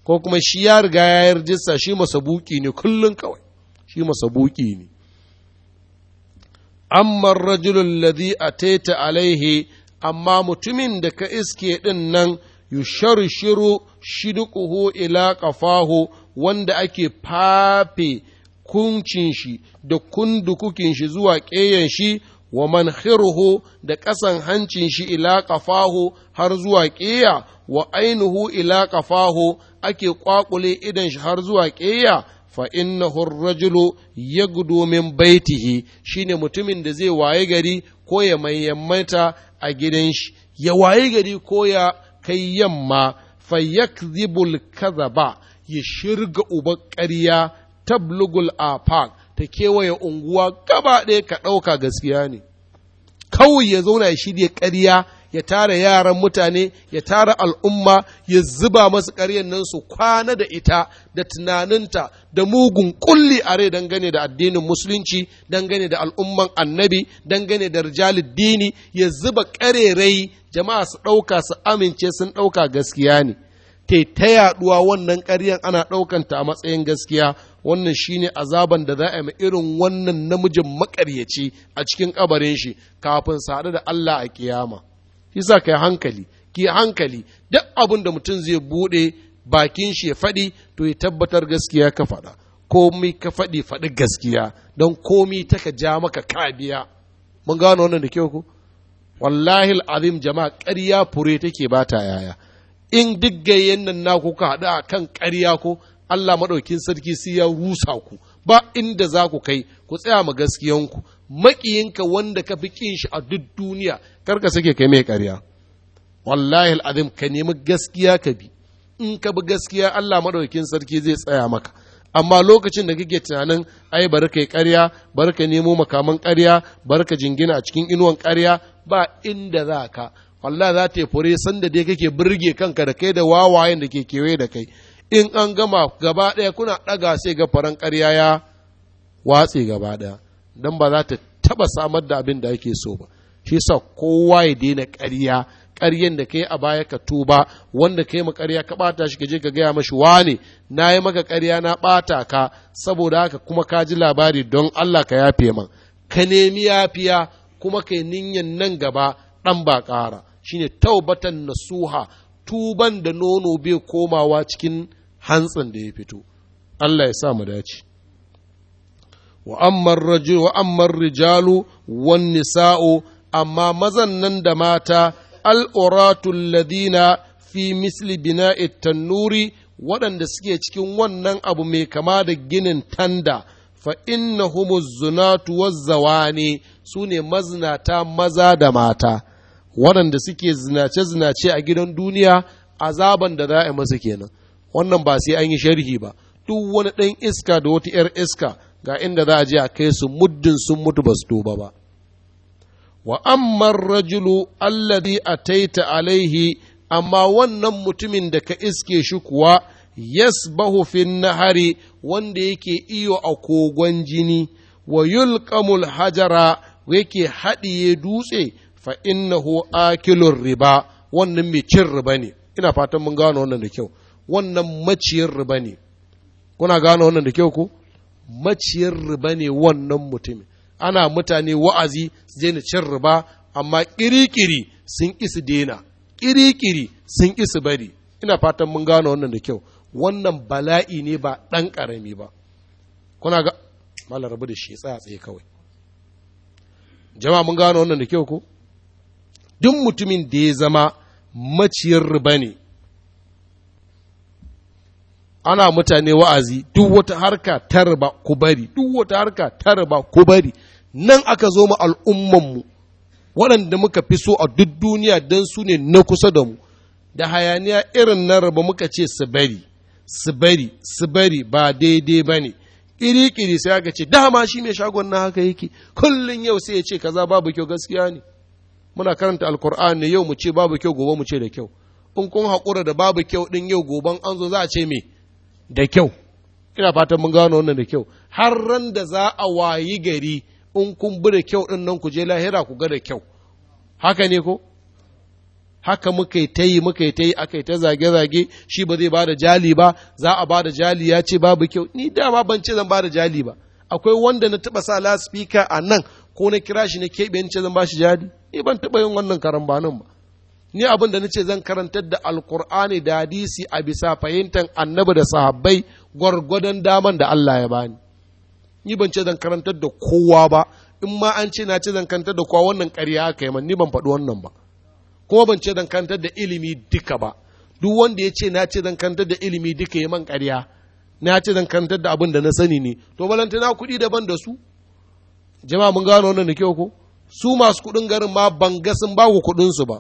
ko kuma shi ya riga ya yi rijista shi masabuki ne kullum kawai shi masabuki ne amma rajulun ladhi taita alaihi amma mutumin da ka iske ɗin nan yusharshiru shiduquhu ila kafahu, wanda ake fafe kuncin shi da kundukukin shi zuwa ƙeyan shi wa manhiruhu da ƙasan hancin shi ila ƙafahu har zuwa ƙeya wa ainihu ila ƙafahu ake ƙwaƙule idan shi har zuwa ƙeya fa innahu rajulu yagdu min baitihi shine mutumin da zai waye gari ko ya mai yammata a gidan shi ya waye gari ko ya kai yamma fa yakdhibul kadhaba ya shirga uba ƙarya tablugul afaq ta kewaye unguwa gaba ɗaya ka ɗauka gaskiya ne kawai ya zauna ya shirya ƙarya ya tara yaran mutane ya tara al'umma ya zuba masu ƙaryar nan su kwana da ita da tunaninta da mugun kulli a rai dangane da addinin musulunci dangane da al'umman annabi dangane da rijalid dini ya zuba ƙarerai jama'a su ɗauka su amince sun ɗauka gaskiya ne ta ta yaɗuwa wannan ƙaryan ana ɗaukanta a matsayin gaskiya wannan shine azaban da za a yi irin wannan namijin makaryaci a cikin kabarin shi kafin haɗu da Allah a kiyama isa kai hankali ki hankali duk abin da mutum zai bude bakin shi ya faɗi to ya tabbatar gaskiya ka faɗa komi ka faɗi faɗi gaskiya don komi ta ka ja maka kabiya mun gano wannan da kyau ku wallahi azim jama'a ƙarya fure take ba ta yaya in duk gayyen nan na kuka haɗu a kan ƙarya ko Allah maɗaukin sarki sai ya rusa ku ba inda za ku kai ku tsaya ma gaskiyanku maƙiyinka wanda ka fi ƙin shi a duk duniya kar ka sake kai mai ƙarya wallahi al'azim ka nemi gaskiya ka bi in ka bi gaskiya Allah maɗaukin sarki zai tsaya maka amma lokacin da kake tunanin ai bari kai ƙarya bari ka nemo makaman ƙarya bari ka jingina a cikin inuwan ƙarya ba inda za ka wallahi za ta yi fure sanda dai kake burge kanka da kai da wawayen da ke kewaye da kai in an gama gaba ɗaya kuna ɗaga sai ga faran ƙarya ya watse gaba ɗaya don ba za ta taɓa samar da abin da ake so ba shi sa kowa ya daina ƙarya ƙaryen da kai a baya ka tuba wanda kai ma ƙarya ka ɓata shi ka je ka gaya mashi wane na yi maka ƙarya na ɓata ka saboda haka kuma ka ji labari don Allah ka yafe man ka nemi yafiya kuma kai ninyan nan gaba ɗan ba ƙara shine taubatan nasuha tuban da nono bai komawa cikin hantsin da ya fito Allah ya sa mu dace wa ammar wa rijalu wan nisa'u amma mazan nan da mata al'uratun ladina fi misli bina'i tannuri waɗanda suke cikin wannan abu mai kama da ginin tanda fa inna zunatu wazzawani su ne mazinata maza da mata waɗanda suke zinace-zinace a gidan duniya azaban da za a yi masa kenan wannan ba sai an yi sharhi ba duk wani ɗan iska da wata 'yar iska ga inda za a je a kai su muddin sun mutu ba su toba ba wa amman rajulu a taita alaihi amma wannan mutumin da ka iske shi kuwa yasbahu fin hari, wanda yake iyo a kogon jini wa yulqamul hajara yake haɗiye dutse fa innahu akilur riba wannan mai cin riba ne ina fatan mun gano wannan da kyau wannan maciyin riba ne kuna gano wannan da kyau ko maciyin riba ne wannan mutum ana mutane wa'azi su daina cin riba amma kirikiri sun kisi dena kirikiri sun kisi bari ina fatan mun gano wannan da kyau wannan bala'i ne ba ɗan ƙarami ba kuna ga malar rabu da shi tsaya tsaye kawai jama'a mun gano wannan da kyau ko duk mutumin da ya zama maciyar riba ne ana mutane wa'azi duk wata harka ta riba ku bari duk wata harka ta riba ku bari nan aka zo mu al'ummanmu waɗanda muka fi so a duk duniya don su ne na kusa da mu da hayaniya irin na raba muka ce su bari su bari su bari ba daidai ba ne ƙiri-ƙiri sai aka ce dama shi mai shagon na haka yake kullum yau sai ya ce kaza babu kyau gaskiya ne muna karanta alkur'ani ne yau mu ce babu kyau gobe mu ce da kyau in kun haƙura da babu kyau din yau goben an zo za a ce me da kyau ina fatan mun gano wannan da kyau har ran da za a wayi gari in kun bi da kyau ɗin nan ku je lahira ku ga da kyau haka ne ko haka muka yi ta yi muka yi ta yi aka yi ta zage-zage shi ba zai bada jali ba za a bada jali ya ce babu kyau ni dama ban ce zan bada jali ba akwai wanda na taba sa lasfika a nan ko na kira shi na keɓe ce zan ba shi jali ni ban taɓa yin wannan karambanin ba ni abin da nace zan karantar da alkur'ani da hadisi a bisa fahimtar annabi da sahabbai gwargwadon daman da Allah ya bani ni ban ce zan karantar da kowa ba in ma an ce na ce zan karantar da kowa wannan ƙarya aka yi ni ban faɗi wannan ba kuma ban ce zan karantar da ilimi duka ba duk wanda ya ce na ce zan karantar da ilimi duka ya man ƙarya na ce zan karantar da abin da na sani ne to balantana kuɗi daban da su jama'a mun gano wannan da kyau ko su masu kuɗin garin ma banga sun ba ku kuɗinsu ba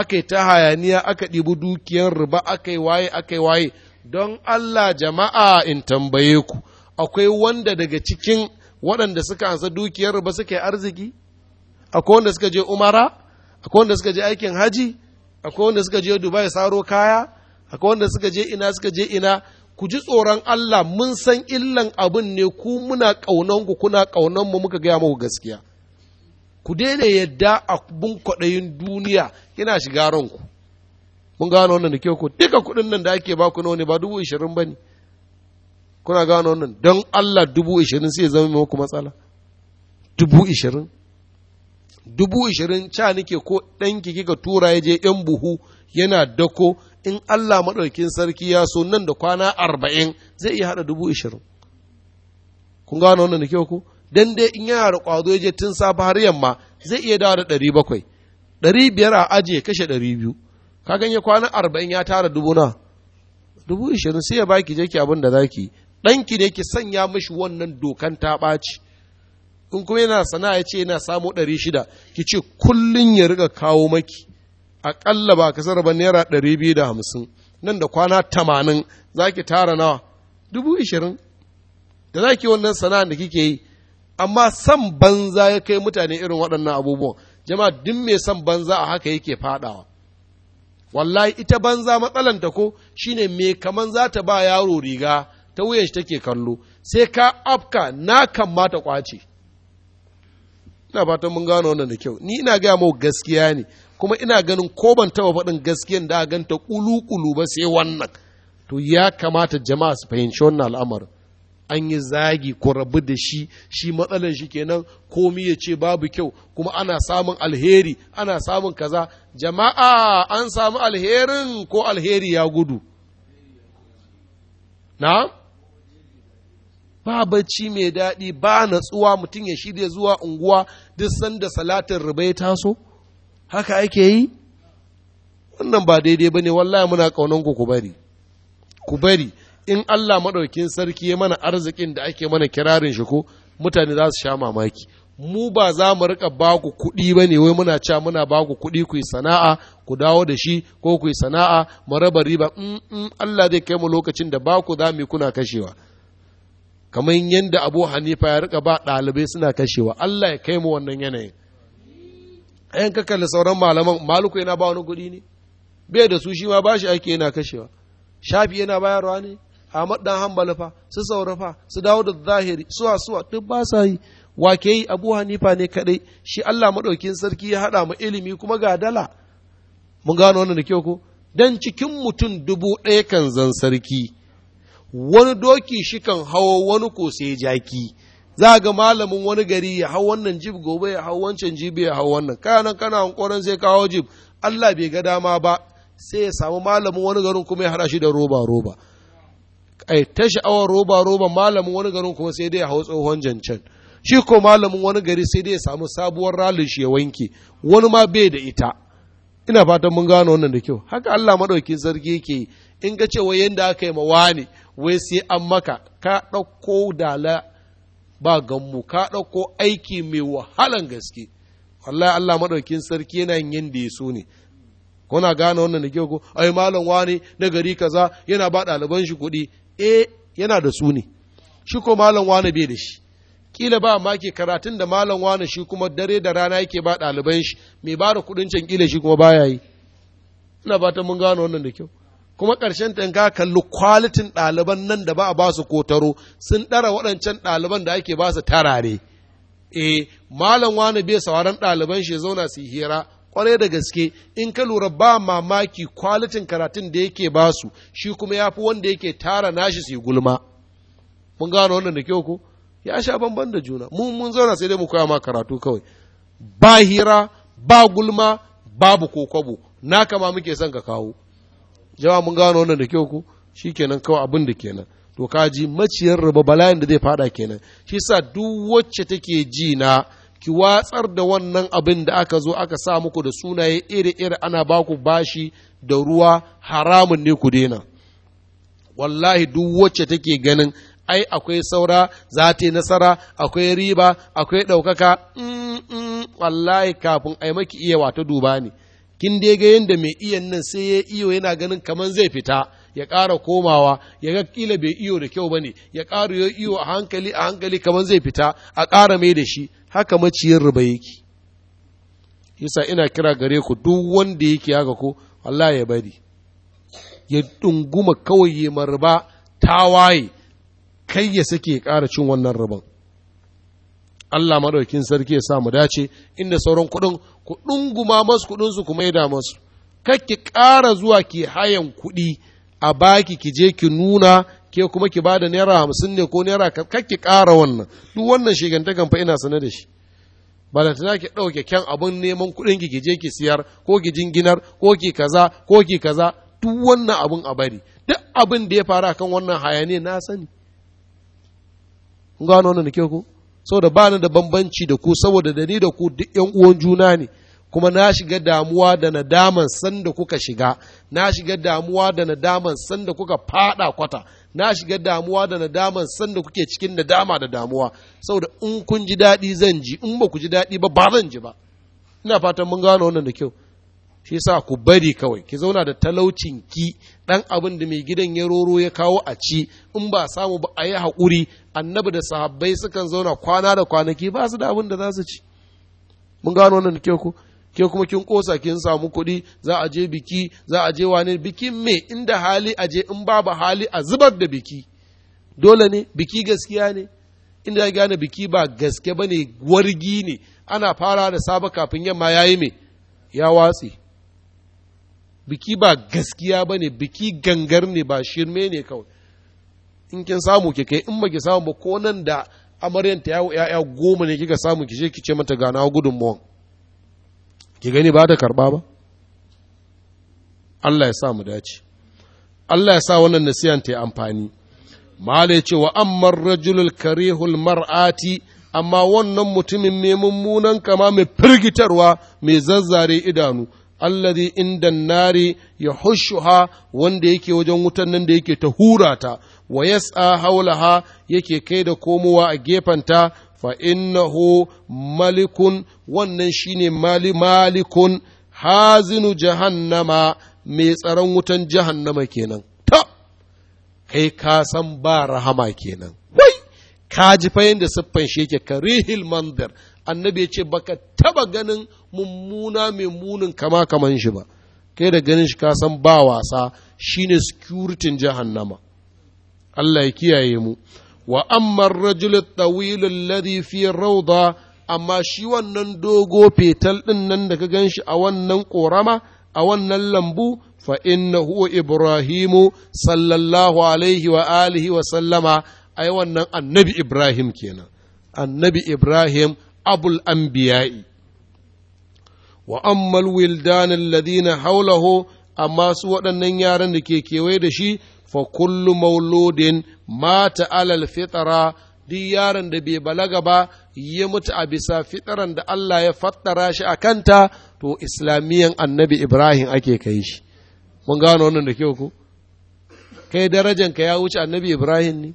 aka yi ta hayaniya aka ɗibi dukiyar riba aka yi waye aka yi waye don Allah jama'a in tambaye ku akwai wanda daga cikin waɗanda suka ansa dukiyar riba suka yi arziki akwai wanda suka je umara akwai wanda suka je aikin haji akwai wanda suka je dubai saro kaya akwai wanda suka je ina suka je ina ku ji tsoron Allah mun san illan abin ne ku muna ƙaunan ku kuna ƙaunan mu muka gaya muku gaskiya ku daina yadda abun kwaɗayin duniya yana shiga ranku mun gano wannan da kyau ku duka kuɗin nan da ake ba ku nawa ne ba dubu ishirin ba ne kuna gano wannan don Allah dubu ishirin sai zama muku matsala dubu ishirin dubu ishirin ca nake ko ɗanki kika tura ya je ‘yan buhu yana dako in Allah maɗaukin sarki ya so nan da kwana arba'in zai iya haɗa dubu ishirin kun gano wannan da kyau ku dan dai in yana da ƙwazo ya je tun safe har yamma zai iya dawo da ɗari bakwai ɗari biyar a ajiye kashe ɗari biyu ka ganye kwana arba'in ya tara dubu na dubu ishirin sai ya baki je ki abin da zaki ɗanki ne ki sanya mashi wannan dokan ta ɓaci in kuma yana sana'a ya ce yana samo ɗari shida ki ce kullum ya riga kawo maki aƙalla ba kasar ba naira ɗari biyu da hamsin nan da kwana tamanin za ki tara nawa dubu ishirin da za ki wannan sana'a da kike yi amma san banza ya kai mutane irin waɗannan abubuwan jama'a duk mai san banza a haka yake faɗawa wallahi ita banza matsalanta ko shine me kaman za ta ba yaro riga ta wuyan shi take kallo sai ka afka na kan mata kwace ina fatan mun gano wannan da kyau ni ina gaya mau gaskiya ne kuma ina ganin ko ban taba faɗin gaskiyan da ganta ƙulu-ƙulu ba sai wannan to ya kamata jama'a su fahimci wannan al'amarin an yi zagi ko rabu da shi shi matsalar shi kenan komi ya ce babu kyau kuma ana samun alheri ana samun kaza jama'a an samu alherin ko alheri ya gudu na ba bacci mai daɗi ba natsuwa mutum ya shirya zuwa unguwa duk sanda salatin rubai ya taso haka ake yi wannan ba daidai ba ne wallahi muna kaunan ku bari ku bari in Allah maɗaukin sarki ya mana arzikin da ake mana kirarin shi ko mutane za su sha mamaki mu ba za mu rika ba ku kuɗi ba ne wai muna cewa muna ba ku kuɗi ku yi sana'a ku dawo da shi ko ku yi sana'a mu raba riba in mm, in mm, Allah zai kai mu lokacin da ba ku za mu kuna kashewa kamar yadda Abu Hanifa ya rika ba ɗalibai suna kashewa Allah ya kai mu wannan yanayin ayan ka sauran malaman maluku yana ba wani kuɗi ne bai da su shi ma ba shi ake yana kashewa shafi yana bayarwa ne ahmad dan hanbali fa su saurafa su dawo da zahiri suwa suwa duk ba sa yi wake yi abu hanifa ne kadai shi allah maɗaukin sarki ya haɗa mu ilimi kuma ga dala mun gano wannan da kyau ko dan cikin mutum dubu ɗaya kan zan sarki wani doki shi kan hawo wani ko sai jaki za ga malamin wani gari ya hau wannan jib gobe ya hau wancan jibi ya hau wannan kayanan kana hankoran sai kawo jib Allah bai ga dama ba sai ya samu malamin wani garin kuma ya hada shi da roba roba ai ta sha'awar roba roba malamin wani garin kuma sai dai ya hau tsohon jancan shi ko malamin wani gari sai dai ya samu sabuwar ralin shi ya wanke wani ma bai da ita ina fatan mun gano wannan da kyau haka Allah madaukin sarki yake in ga cewa yanda aka yi mawa ne wai sai an maka ka ɗauko dala ba gammu ka ɗauko aiki mai wahalan gaske wallahi Allah maɗaukin sarki yana yin yanda ya so ne kuna gane wannan da kyau ko ai malam wani na gari kaza yana ba ɗaliban shi kuɗi eh yana da su ne shi ko malam wani bai da shi kila ba ma ke karatun da malam wani shi kuma dare da rana yake ba ɗaliban shi mai ba da kuɗin can kila shi kuma baya yi ina fatan mun gane wannan da kyau kuma ƙarshen ta ga kalli kwalitin ɗaliban nan da ba a ba su kotaro sun ɗara waɗancan ɗaliban da ake ba su tarare e malam wani bai sauran ɗaliban shi zauna su hira kwarai da gaske in ka lura ba mamaki kwalitin karatun da yake ba su shi kuma ya fi wanda yake tara nashi su yi gulma mun gano wannan da kyau ko ya sha bamban da juna mun mun zauna sai dai mu koya ma karatu kawai ba hira ba gulma babu ko kwabo na kama muke son ka kawo jama'a mun gano wannan da kyau ku shikenan kawai abin da kenan to ka ji maciyar riba bala'in da zai fada kenan shi sa duk wacce take ji na ki watsar da wannan abin da aka zo aka sa muku da sunaye iri-iri ana baku bashi da ruwa haramun ne ku daina wallahi duk wacce take ganin ai akwai saura za ta yi nasara akwai riba akwai ɗaukaka wallahi kafin ai maki iya wata duba ne kin dai ga yadda mai iyan nan sai ya iyo yana ganin kaman zai fita ya ƙara komawa ya ga kila bai iyo da kyau bane ya ƙara ya iyo a hankali a hankali kaman zai fita a ƙara mai da shi haka maciyin riba yake yasa ina kira gare ku duk wanda yake haka ko Allah ya bari ya dunguma kawai ya marba tawaye kai ya sake ƙara cin wannan riban Allah madaukin sarki ya sa mu dace inda sauran kuɗin ku ɗunguma masu kuɗin su kuma maida masu kar ki ƙara zuwa ki hayan kuɗi a baki ki je ki nuna ke kuma ki bada naira hamsin ne ko naira kar ki ƙara wannan duk wannan shigantakan fa ina sanar da shi ba da tana ki ɗauke kyan abin neman kuɗin ki je ki siyar ko ki jinginar ko ki kaza ko ki kaza duk wannan abin a bari duk abin da ya faru akan wannan hayaniya na sani gano wannan da ke ku saboda ba ni da bambanci da ku saboda da ni da ku duk yan uwan juna ne kuma na shiga damuwa da nadaman sanda kuka shiga na shiga damuwa da nadaman sanda kuka fada kwata na shiga damuwa da nadaman sanda kuke cikin nadama da damuwa saboda in kun ji daɗi zan ji in ba ku ji daɗi ba ba zan ji ba ina fatan mun gano wannan da kyau shi sa ku bari kawai ki zauna da talaucin ki dan abin da mai gidan ya roro ya kawo a ci in ba samu ba a yi haƙuri annabi da sahabbai sukan zauna kwana da kwanaki ba su da abin da za su ci mun gano wannan ke ku ke kuma kin kosa kin samu kuɗi za a je biki za a je wani bikin me inda hali a je in babu hali a zubar da biki dole ne biki gaskiya ne inda ya gane biki ba gaske ba ne wargi ne ana fara da saba kafin yamma ya yi me ya watsi biki ba gaskiya ba ne biki gangar ne ba shirme ne kawai in kin samu ki kai in ba ki samu ba ko nan da amaryan ta yawo ya'ya goma ne kika samu ki je ki ce mata gana gudunmuwan ki gani ba da karba ba Allah ya sa mu dace Allah ya sa wannan nasiyan ta yi amfani malai ce wa ammar rajulul karihul mar'ati amma wannan mutumin mai mummunan kama mai firgitarwa mai zazzare idanu alladhi inda nari ya hushuha wanda yake wajen wutan nan da yake ta hura ta wa yas'a haulaha yake kai da komowa a gefanta fa innahu malikun wannan shine mali malikun hazinu jahannama mai tsaron wutan jahannama kenan ta kai ka san ba rahama kenan wai ka ji fa yanda siffan shi yake karihil manzar annabi ya ce baka taba ganin mummuna mai munin kama kaman shi ba kai da ganin shi kasan ba wasa shine jihan nama Allah ya kiyaye mu wa amma rajul tawil alladhi fi rawda amma shi wannan dogo fetal din nan da ka ganshi a wannan korama a wannan lambu fa innahu ibrahim ibrahimu sallallahu alaihi wa alihi wa sallama ai wannan annabi ibrahim kenan annabi ibrahim abul anbiya'i wa ammal wildanin ladina haulahu amma su waɗannan yaran da ke kewaye da shi fa kullu mauludin mata alal fitara duk yaron da bai balaga ba ya mutu a bisa fitaran da Allah ya fattara shi a kanta to islamiyan annabi Ibrahim ake kai shi mun gano wannan da kyau ku kai darajanka ya wuce annabi Ibrahim ne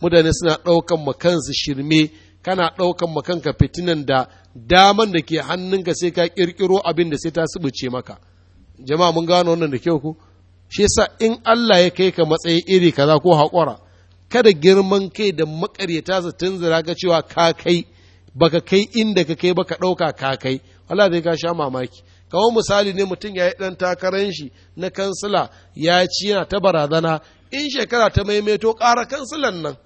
mutane suna ɗaukan ma kansu shirme kana ɗaukan makanka fitinan da daman da ke hannunka sai ka ƙirƙiro abin da sai ta subuce maka jama'a mun gano wannan da kyau ku shi yasa in Allah ya kai ka matsayi iri kaza ko haƙura kada girman kai da makaryata su tunzura ga cewa ka kai baka kai inda ka kai baka ɗauka ka kai wala zai ka sha mamaki kawo misali ne mutum ya yi ɗan takaran shi na kansila ya ci yana ta barazana in shekara ta maimaito ƙara kansilan nan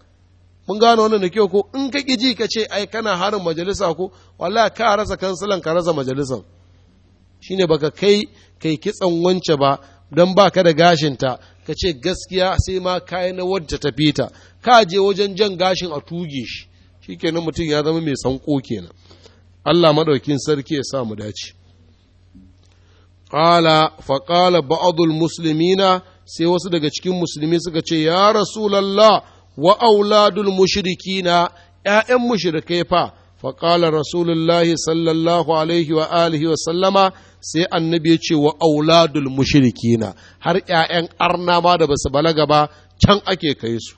mun gano wannan da kyau ko in ka ji ka ce ai kana harin majalisa ko wallahi ka rasa kansilan ka rasa majalisan shine baka kai kai kitsan wance ba don baka da gashinta ka ce gaskiya sai ma kayi na wadda ta fita ka je wajen jan gashin a tuge shi shikenan mutum ya zama mai sanko kenan Allah maɗaukin sarki ya sa mu dace qala fa qala ba'dul muslimina sai wasu daga cikin musulmi suka ce ya rasulallah wa auladul mushrikina ‘ya'yan mushrikai fa, faƙalar Rasulullahi sallallahu alaihi wa alihi wa sallama sai annabi ya ce wa auladul mushrikina har ‘ya'yan arna ma da basu balaga ba can ake kai su.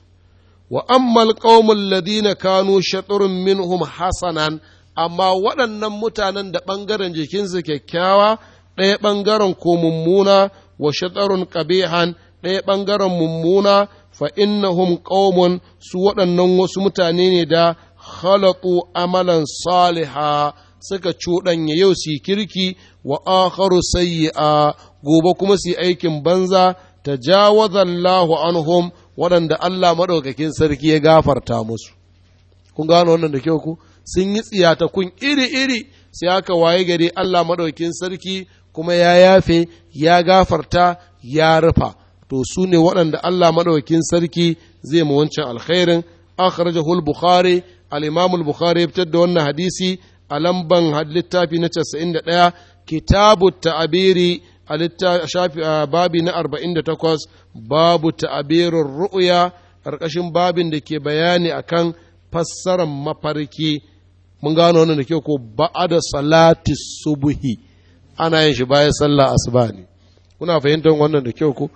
Wa ammal qaumul ladina kanu shaturun minhum hasanan amma waɗannan mutanen da ɓangaren jikinsu kyakkyawa ɗaya ɓangaren ko mummuna wa shatarun ƙabihan ɗaya ɓangaren mummuna fa innahum qaumun su waɗannan wasu mutane ne da khalatu amalan saliha suka cuɗanya yau su kirki wa akharu sayyi'a gobe kuma su aikin banza tajawaza Allahu anhum waɗanda Allah maɗaukakin sarki ya gafarta musu kun gano wannan da kyau ku sun yi ta kun iri-iri sai aka waye gari Allah maɗaukin sarki kuma ya yafe ya gafarta ya rufa to su ne waɗanda Allah maɗaukin sarki zai mu wancan alkhairin akhrajahu al-bukhari al bukhari fitar da wannan hadisi a lamban littafi na 91 kitabu ta'abiri a littafi a babi na 48 babu ta'abirin ru'ya ƙarƙashin babin da ke bayani akan fassarar mafarki mun gano wannan da ke ko ba'ada salati subuhi ana yin shi bayan sallah asuba ne kuna fahimtar wannan da kyau ko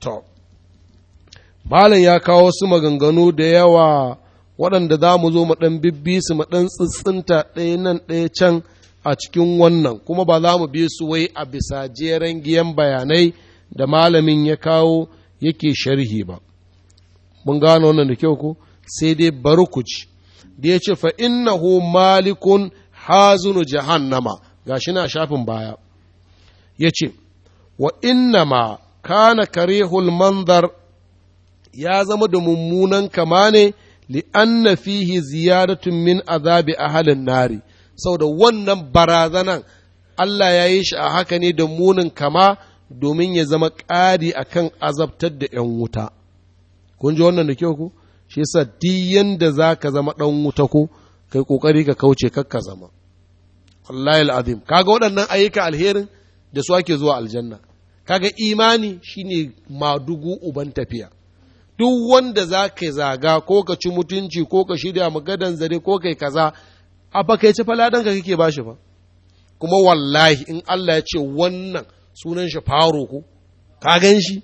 to malam ya kawo wasu maganganu da yawa waɗanda za mu zo mu ɗan bibbi su mu ɗan tsitsinta ɗaya nan ɗaya can a cikin wannan kuma ba za mu bi su wai a bisa jeren giyan bayanai da malamin ya kawo yake sharhi ba mun gano wannan da kyau ko sai dai bari ku ci da ya ce fa innahu malikun hazunu Ga shi na shafin baya ya ce wa innama kana karihul manzar ya zama da mummunan kama ne li'anna fihi ziyaratun min azabi halin nari sau da wannan barazanan Allah ya yi shi a haka ne da munin kama domin ya zama ƙari a kan azabtar da ‘yan wuta. Kun ji wannan da kyau ku? Shi sa diyan za ka zama ɗan wuta ku, kai ƙoƙari ka kauce kakka zama. Allah azim kaga waɗannan ayyuka alherin da su ake zuwa aljanna. kaga imani shine madugu uban tafiya duk wanda za ka zaga ko ka ci mutunci ko ka shirya magadan zare ko kai kaza a baka ya ci faladan ka kake bashi ba kuma wallahi in Allah ya ce wannan sunan shi faro ko ka ganshi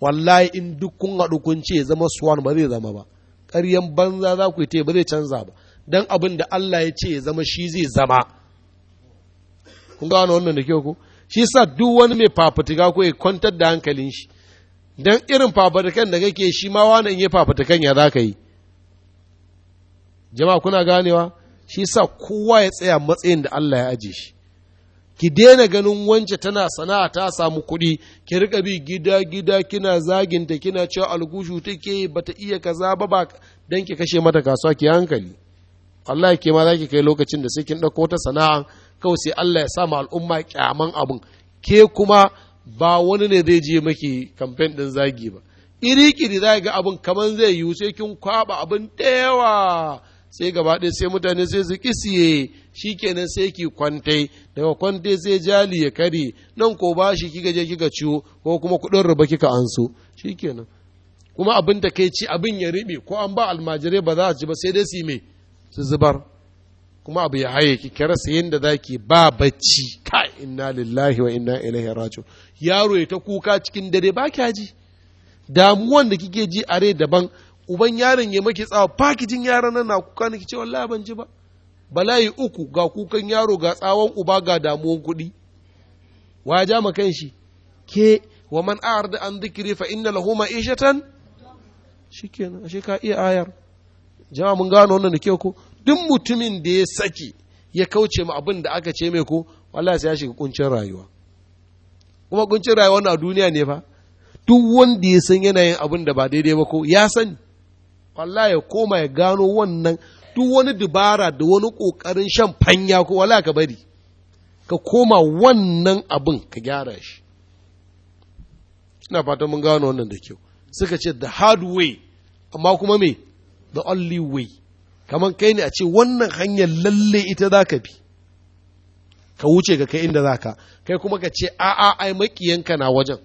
wallahi in duk kun hadu kun ce zama suwan ba zai zama ba ƙaryan banza za ku yi ta ba zai canza ba dan abin da Allah ya ce ya zama shi zai zama kun gano wannan da kyau ko shi sa duk wani mai fafutuka ko ya kwantar da hankalin shi don irin fafutukan da kake shi ma wani in yi fafutukan ya za ka yi jama'a kuna ganewa shi sa kowa ya tsaya matsayin da Allah ya aje shi ki daina ganin wance tana sana'a ta samu kuɗi ki rika bi gida gida kina zaginta kina cewa algushu take bata iya kaza ba ba dan ki kashe mata kasuwa ki hankali allah ke ma zaki kai lokacin da sai kin ɗauko ta sana'a kawai sai Allah ya sama al'umma kyaman abin ke kuma ba wani ne zai je maki kamfen ɗin zagi ba iri-kiri za ga abin kamar zai yiwu sai kin kwaba abin da sai gaba ɗaya sai mutane sai su kisiye shi kenan sai ki kwantai daga kwantai sai jali ya kare nan ko ba shi kika je kika ciwo ko kuma kuɗin ruba kika anso shi kenan kuma abin da kai ci abin ya riɓe ko an ba almajirai ba za a ci ba sai dai su yi mai su zubar kuma abu ya haye ki kira yadda da zaki ba bacci ka inna lillahi wa inna ilaihi rajo. yaro ya ta kuka cikin dare ba kya ji damuwan da kike ji are daban uban yaron ya maki tsawa ba ki jin yaron nan na kuka ne ki ce wallahi ban ji ba bala'i uku ga kukan yaro ga tsawon uba ga damuwan kuɗi wa ja ma kan shi ke wa man a'arda an dhikri fa inna lahu ma'ishatan shikenan ashe ka iya ayar jama'a mun gano wannan da ke ko duk mutumin da ya saki ya kauce ma abin da aka ce mai ko wallahi sai ya shiga kuncin rayuwa kuma kuncin rayuwa na duniya ne fa duk wanda ya san yana yin abin da ba daidai ba ko ya sani wallahi ya koma ya gano wannan duk wani dubara da wani kokarin shan fanya ko wallahi ka bari ka koma wannan abin ka gyara shi ina fatan mun gano wannan da kyau suka ce the hard way amma kuma me the only way kamar kai ne a ce wannan hanyar lalle ita za ka bi ka wuce ka kai inda za ka kai kuma ka ce a'a ai makiyanka na wajen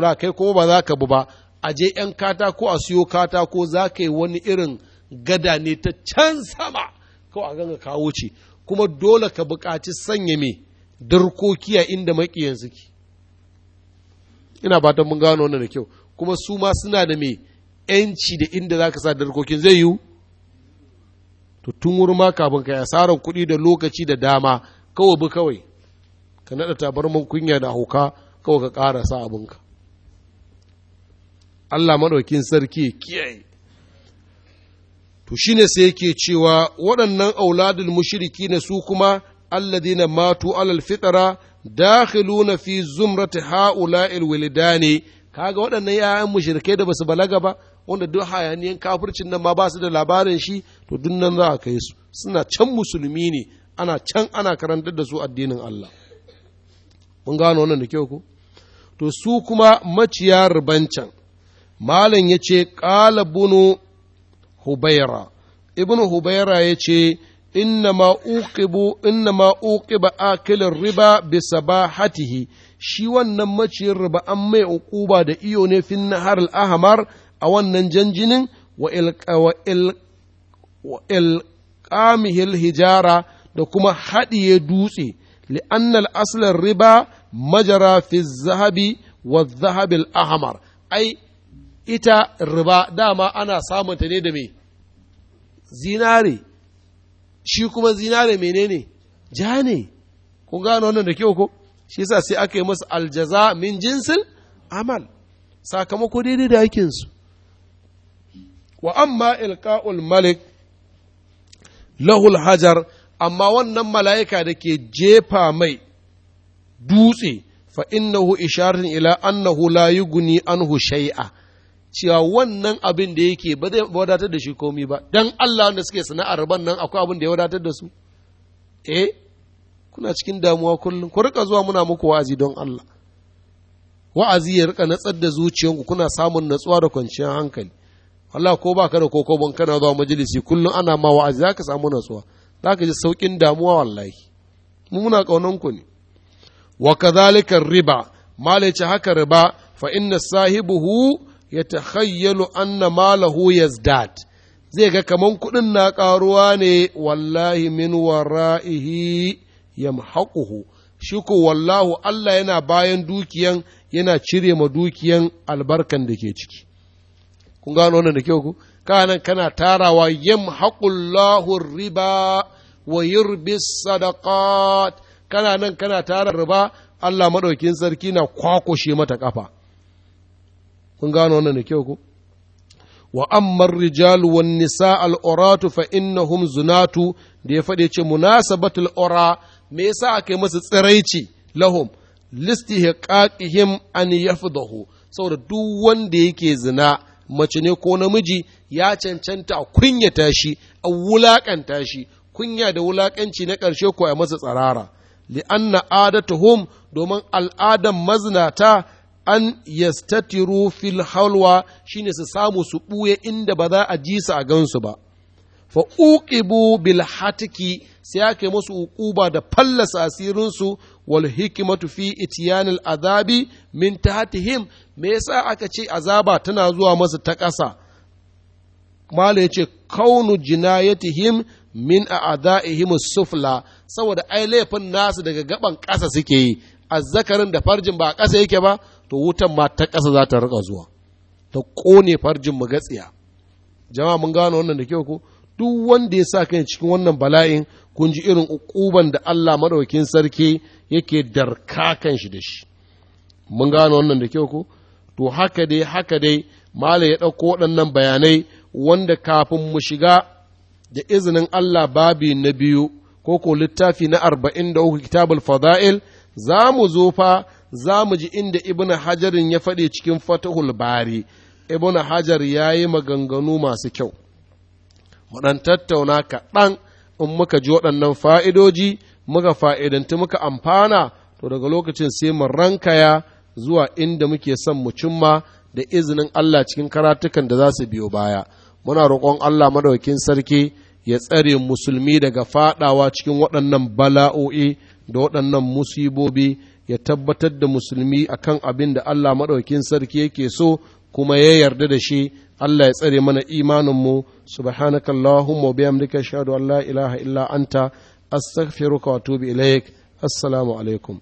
da kai kuma ba za ka bi ba a je ‘yan katako a siyo katako za ka yi wani irin gada ne ta can sama kawai a ganga ka wuce kuma dole ka buƙaci sanya me darkoki a inda makiyan suke ina fatan mun gano wannan da kyau kuma su ma suna da mai ‘yanci da inda za ka sa darkokin zai yiwu to tun wurin ma kafin ka asarar kuɗi da lokaci da dama kawai bi kawai ka naɗa man kunya da hauka kawai ka ƙara sa abinka Allah maɗaukin sarki kiyaye to shi ne sai yake cewa waɗannan auladul mushriki na su kuma alladina matu alal fitara dakhiluna fi zumrati ha'ula'il Ka kaga waɗannan 'ya'yan mushrikai da basu balaga ba wanda duk hayaniyan kafircin nan ma ba su da labarin shi to duk nan za a kai su suna can musulmi ne ana can ana karantar da su addinin Allah mun gano wannan da kyau ko to su kuma maciya can. malam ya ce ƙala bunu hubaira ibnu hubaira ya ce innama uqibu innama uqiba akilin riba bi sabahatihi shi wannan maciyin riba an mai uquba da iyo ne fin nahar al-ahmar a wannan janjinin wa ilqa wa ilqa wa ilqamihil hijara da kuma haɗiye dutse li'annal aslan riba majara fi zahabi wa zahabil ahmar ai ita riba dama ana samunta ne da mai zinare shi kuma zinare menene ja ne kun gano wannan da kyau ko shi yasa sai aka yi masa aljaza min jinsin amal sakamako daidai da aikinsu wa amma ilka'ul malik lahul hajar amma wannan mala'ika da ke jefa mai dutse fa innahu isharin ila annahu la yuguni anhu shai'a cewa wannan abin da yake ba zai wadatar da shi komi ba dan Allah wanda suke sana'ar ban nan akwai abin da ya wadatar da su eh kuna cikin damuwa kullum ku rika zuwa muna muku wa'azi don Allah wa'azi ya rika natsar da zuciyanku kuna samun natsuwa da kwanciyar hankali Allah ko ba ka da ban kana zuwa majalisi kullum ana ma wa'azi zaka ka samu natsuwa zaka ji saukin damuwa wallahi mu muna kaunan ku ne wa kadhalika riba malice haka riba fa inna sahibuhu yatakhayyalu anna malahu yazdad zai ga kaman kuɗin na ƙaruwa ne wallahi min wara'ihi yamhaquhu shi ko wallahu Allah yana bayan dukiyan yana cire ma dukiyan albarkan da ke ciki kun gano wannan da kyau ku kana kana tarawa yam haqullahu riba wa yurbi sadaqat kana nan kana tara riba Allah maɗaukin sarki na kwakwashe mata kafa kun gano wannan da kyau ku wa ammar rijal wan nisa al uratu fa innahum zunatu da ya faɗi ce munasabatul ura me yasa aka yi musu tsiraici lahum listihqaqihim an yafdahu saboda duk wanda yake zina mace ne ko namiji ya cancanta a kunyata shi a wulakanta shi kunya da wulakanci na ƙarshe ko a masa tsarara li'anna adatuhum domin al'adan mazinata an yastatiru fil halwa shine su samu su ɓuye inda ba za a ji su a gansu ba fa uqibu bil hatiki sai ake musu uquba da fallasa asirinsu wal hikmatu fi itiyanil azabi min tahtihim me yasa aka ce azaba tana zuwa masa ta ƙasa mala yace kaunu jinayatihim min a'daihim sufla saboda ai laifin nasu daga gaban ƙasa suke yi azzakarin da farjin ba a ƙasa yake ba to wutan ma ta ƙasa za ta rika zuwa ta ƙone farjin mu gatsiya jama'a mun gano wannan da kyau ko duk wanda ya sa kai cikin wannan bala'in kun ji irin ukuban da Allah madaukakin sarki yake darka kan shi da shi mun gano wannan da kyau ko to haka dai haka dai mala ya ɗauko waɗannan bayanai wanda kafin mu shiga da izinin Allah babi na biyu ko ko littafi na arba'in da uku kitabul fada'il za mu zo fa za mu ji inda ibnu hajarin ya faɗi cikin fatahul bari ibnu hajar ya yi maganganu masu kyau waɗan tattauna kaɗan in muka ji waɗannan fa'idoji muka fa'idanti muka amfana to daga lokacin sai mu rankaya zuwa inda muke son mu cimma da izinin Allah cikin karatukan da za su biyo baya muna roƙon Allah madaukin sarki ya tsare musulmi daga faɗawa cikin waɗannan bala'o'i da waɗannan musibobi ya tabbatar da musulmi akan abin da Allah madaukin sarki yake so kuma ya yarda da shi Allah ya tsare mana imaninmu subhanaka allahumma wa bihamdika ashhadu an la ilaha illa anta astaghfiruka wa atubu ilaik assalamu alaikum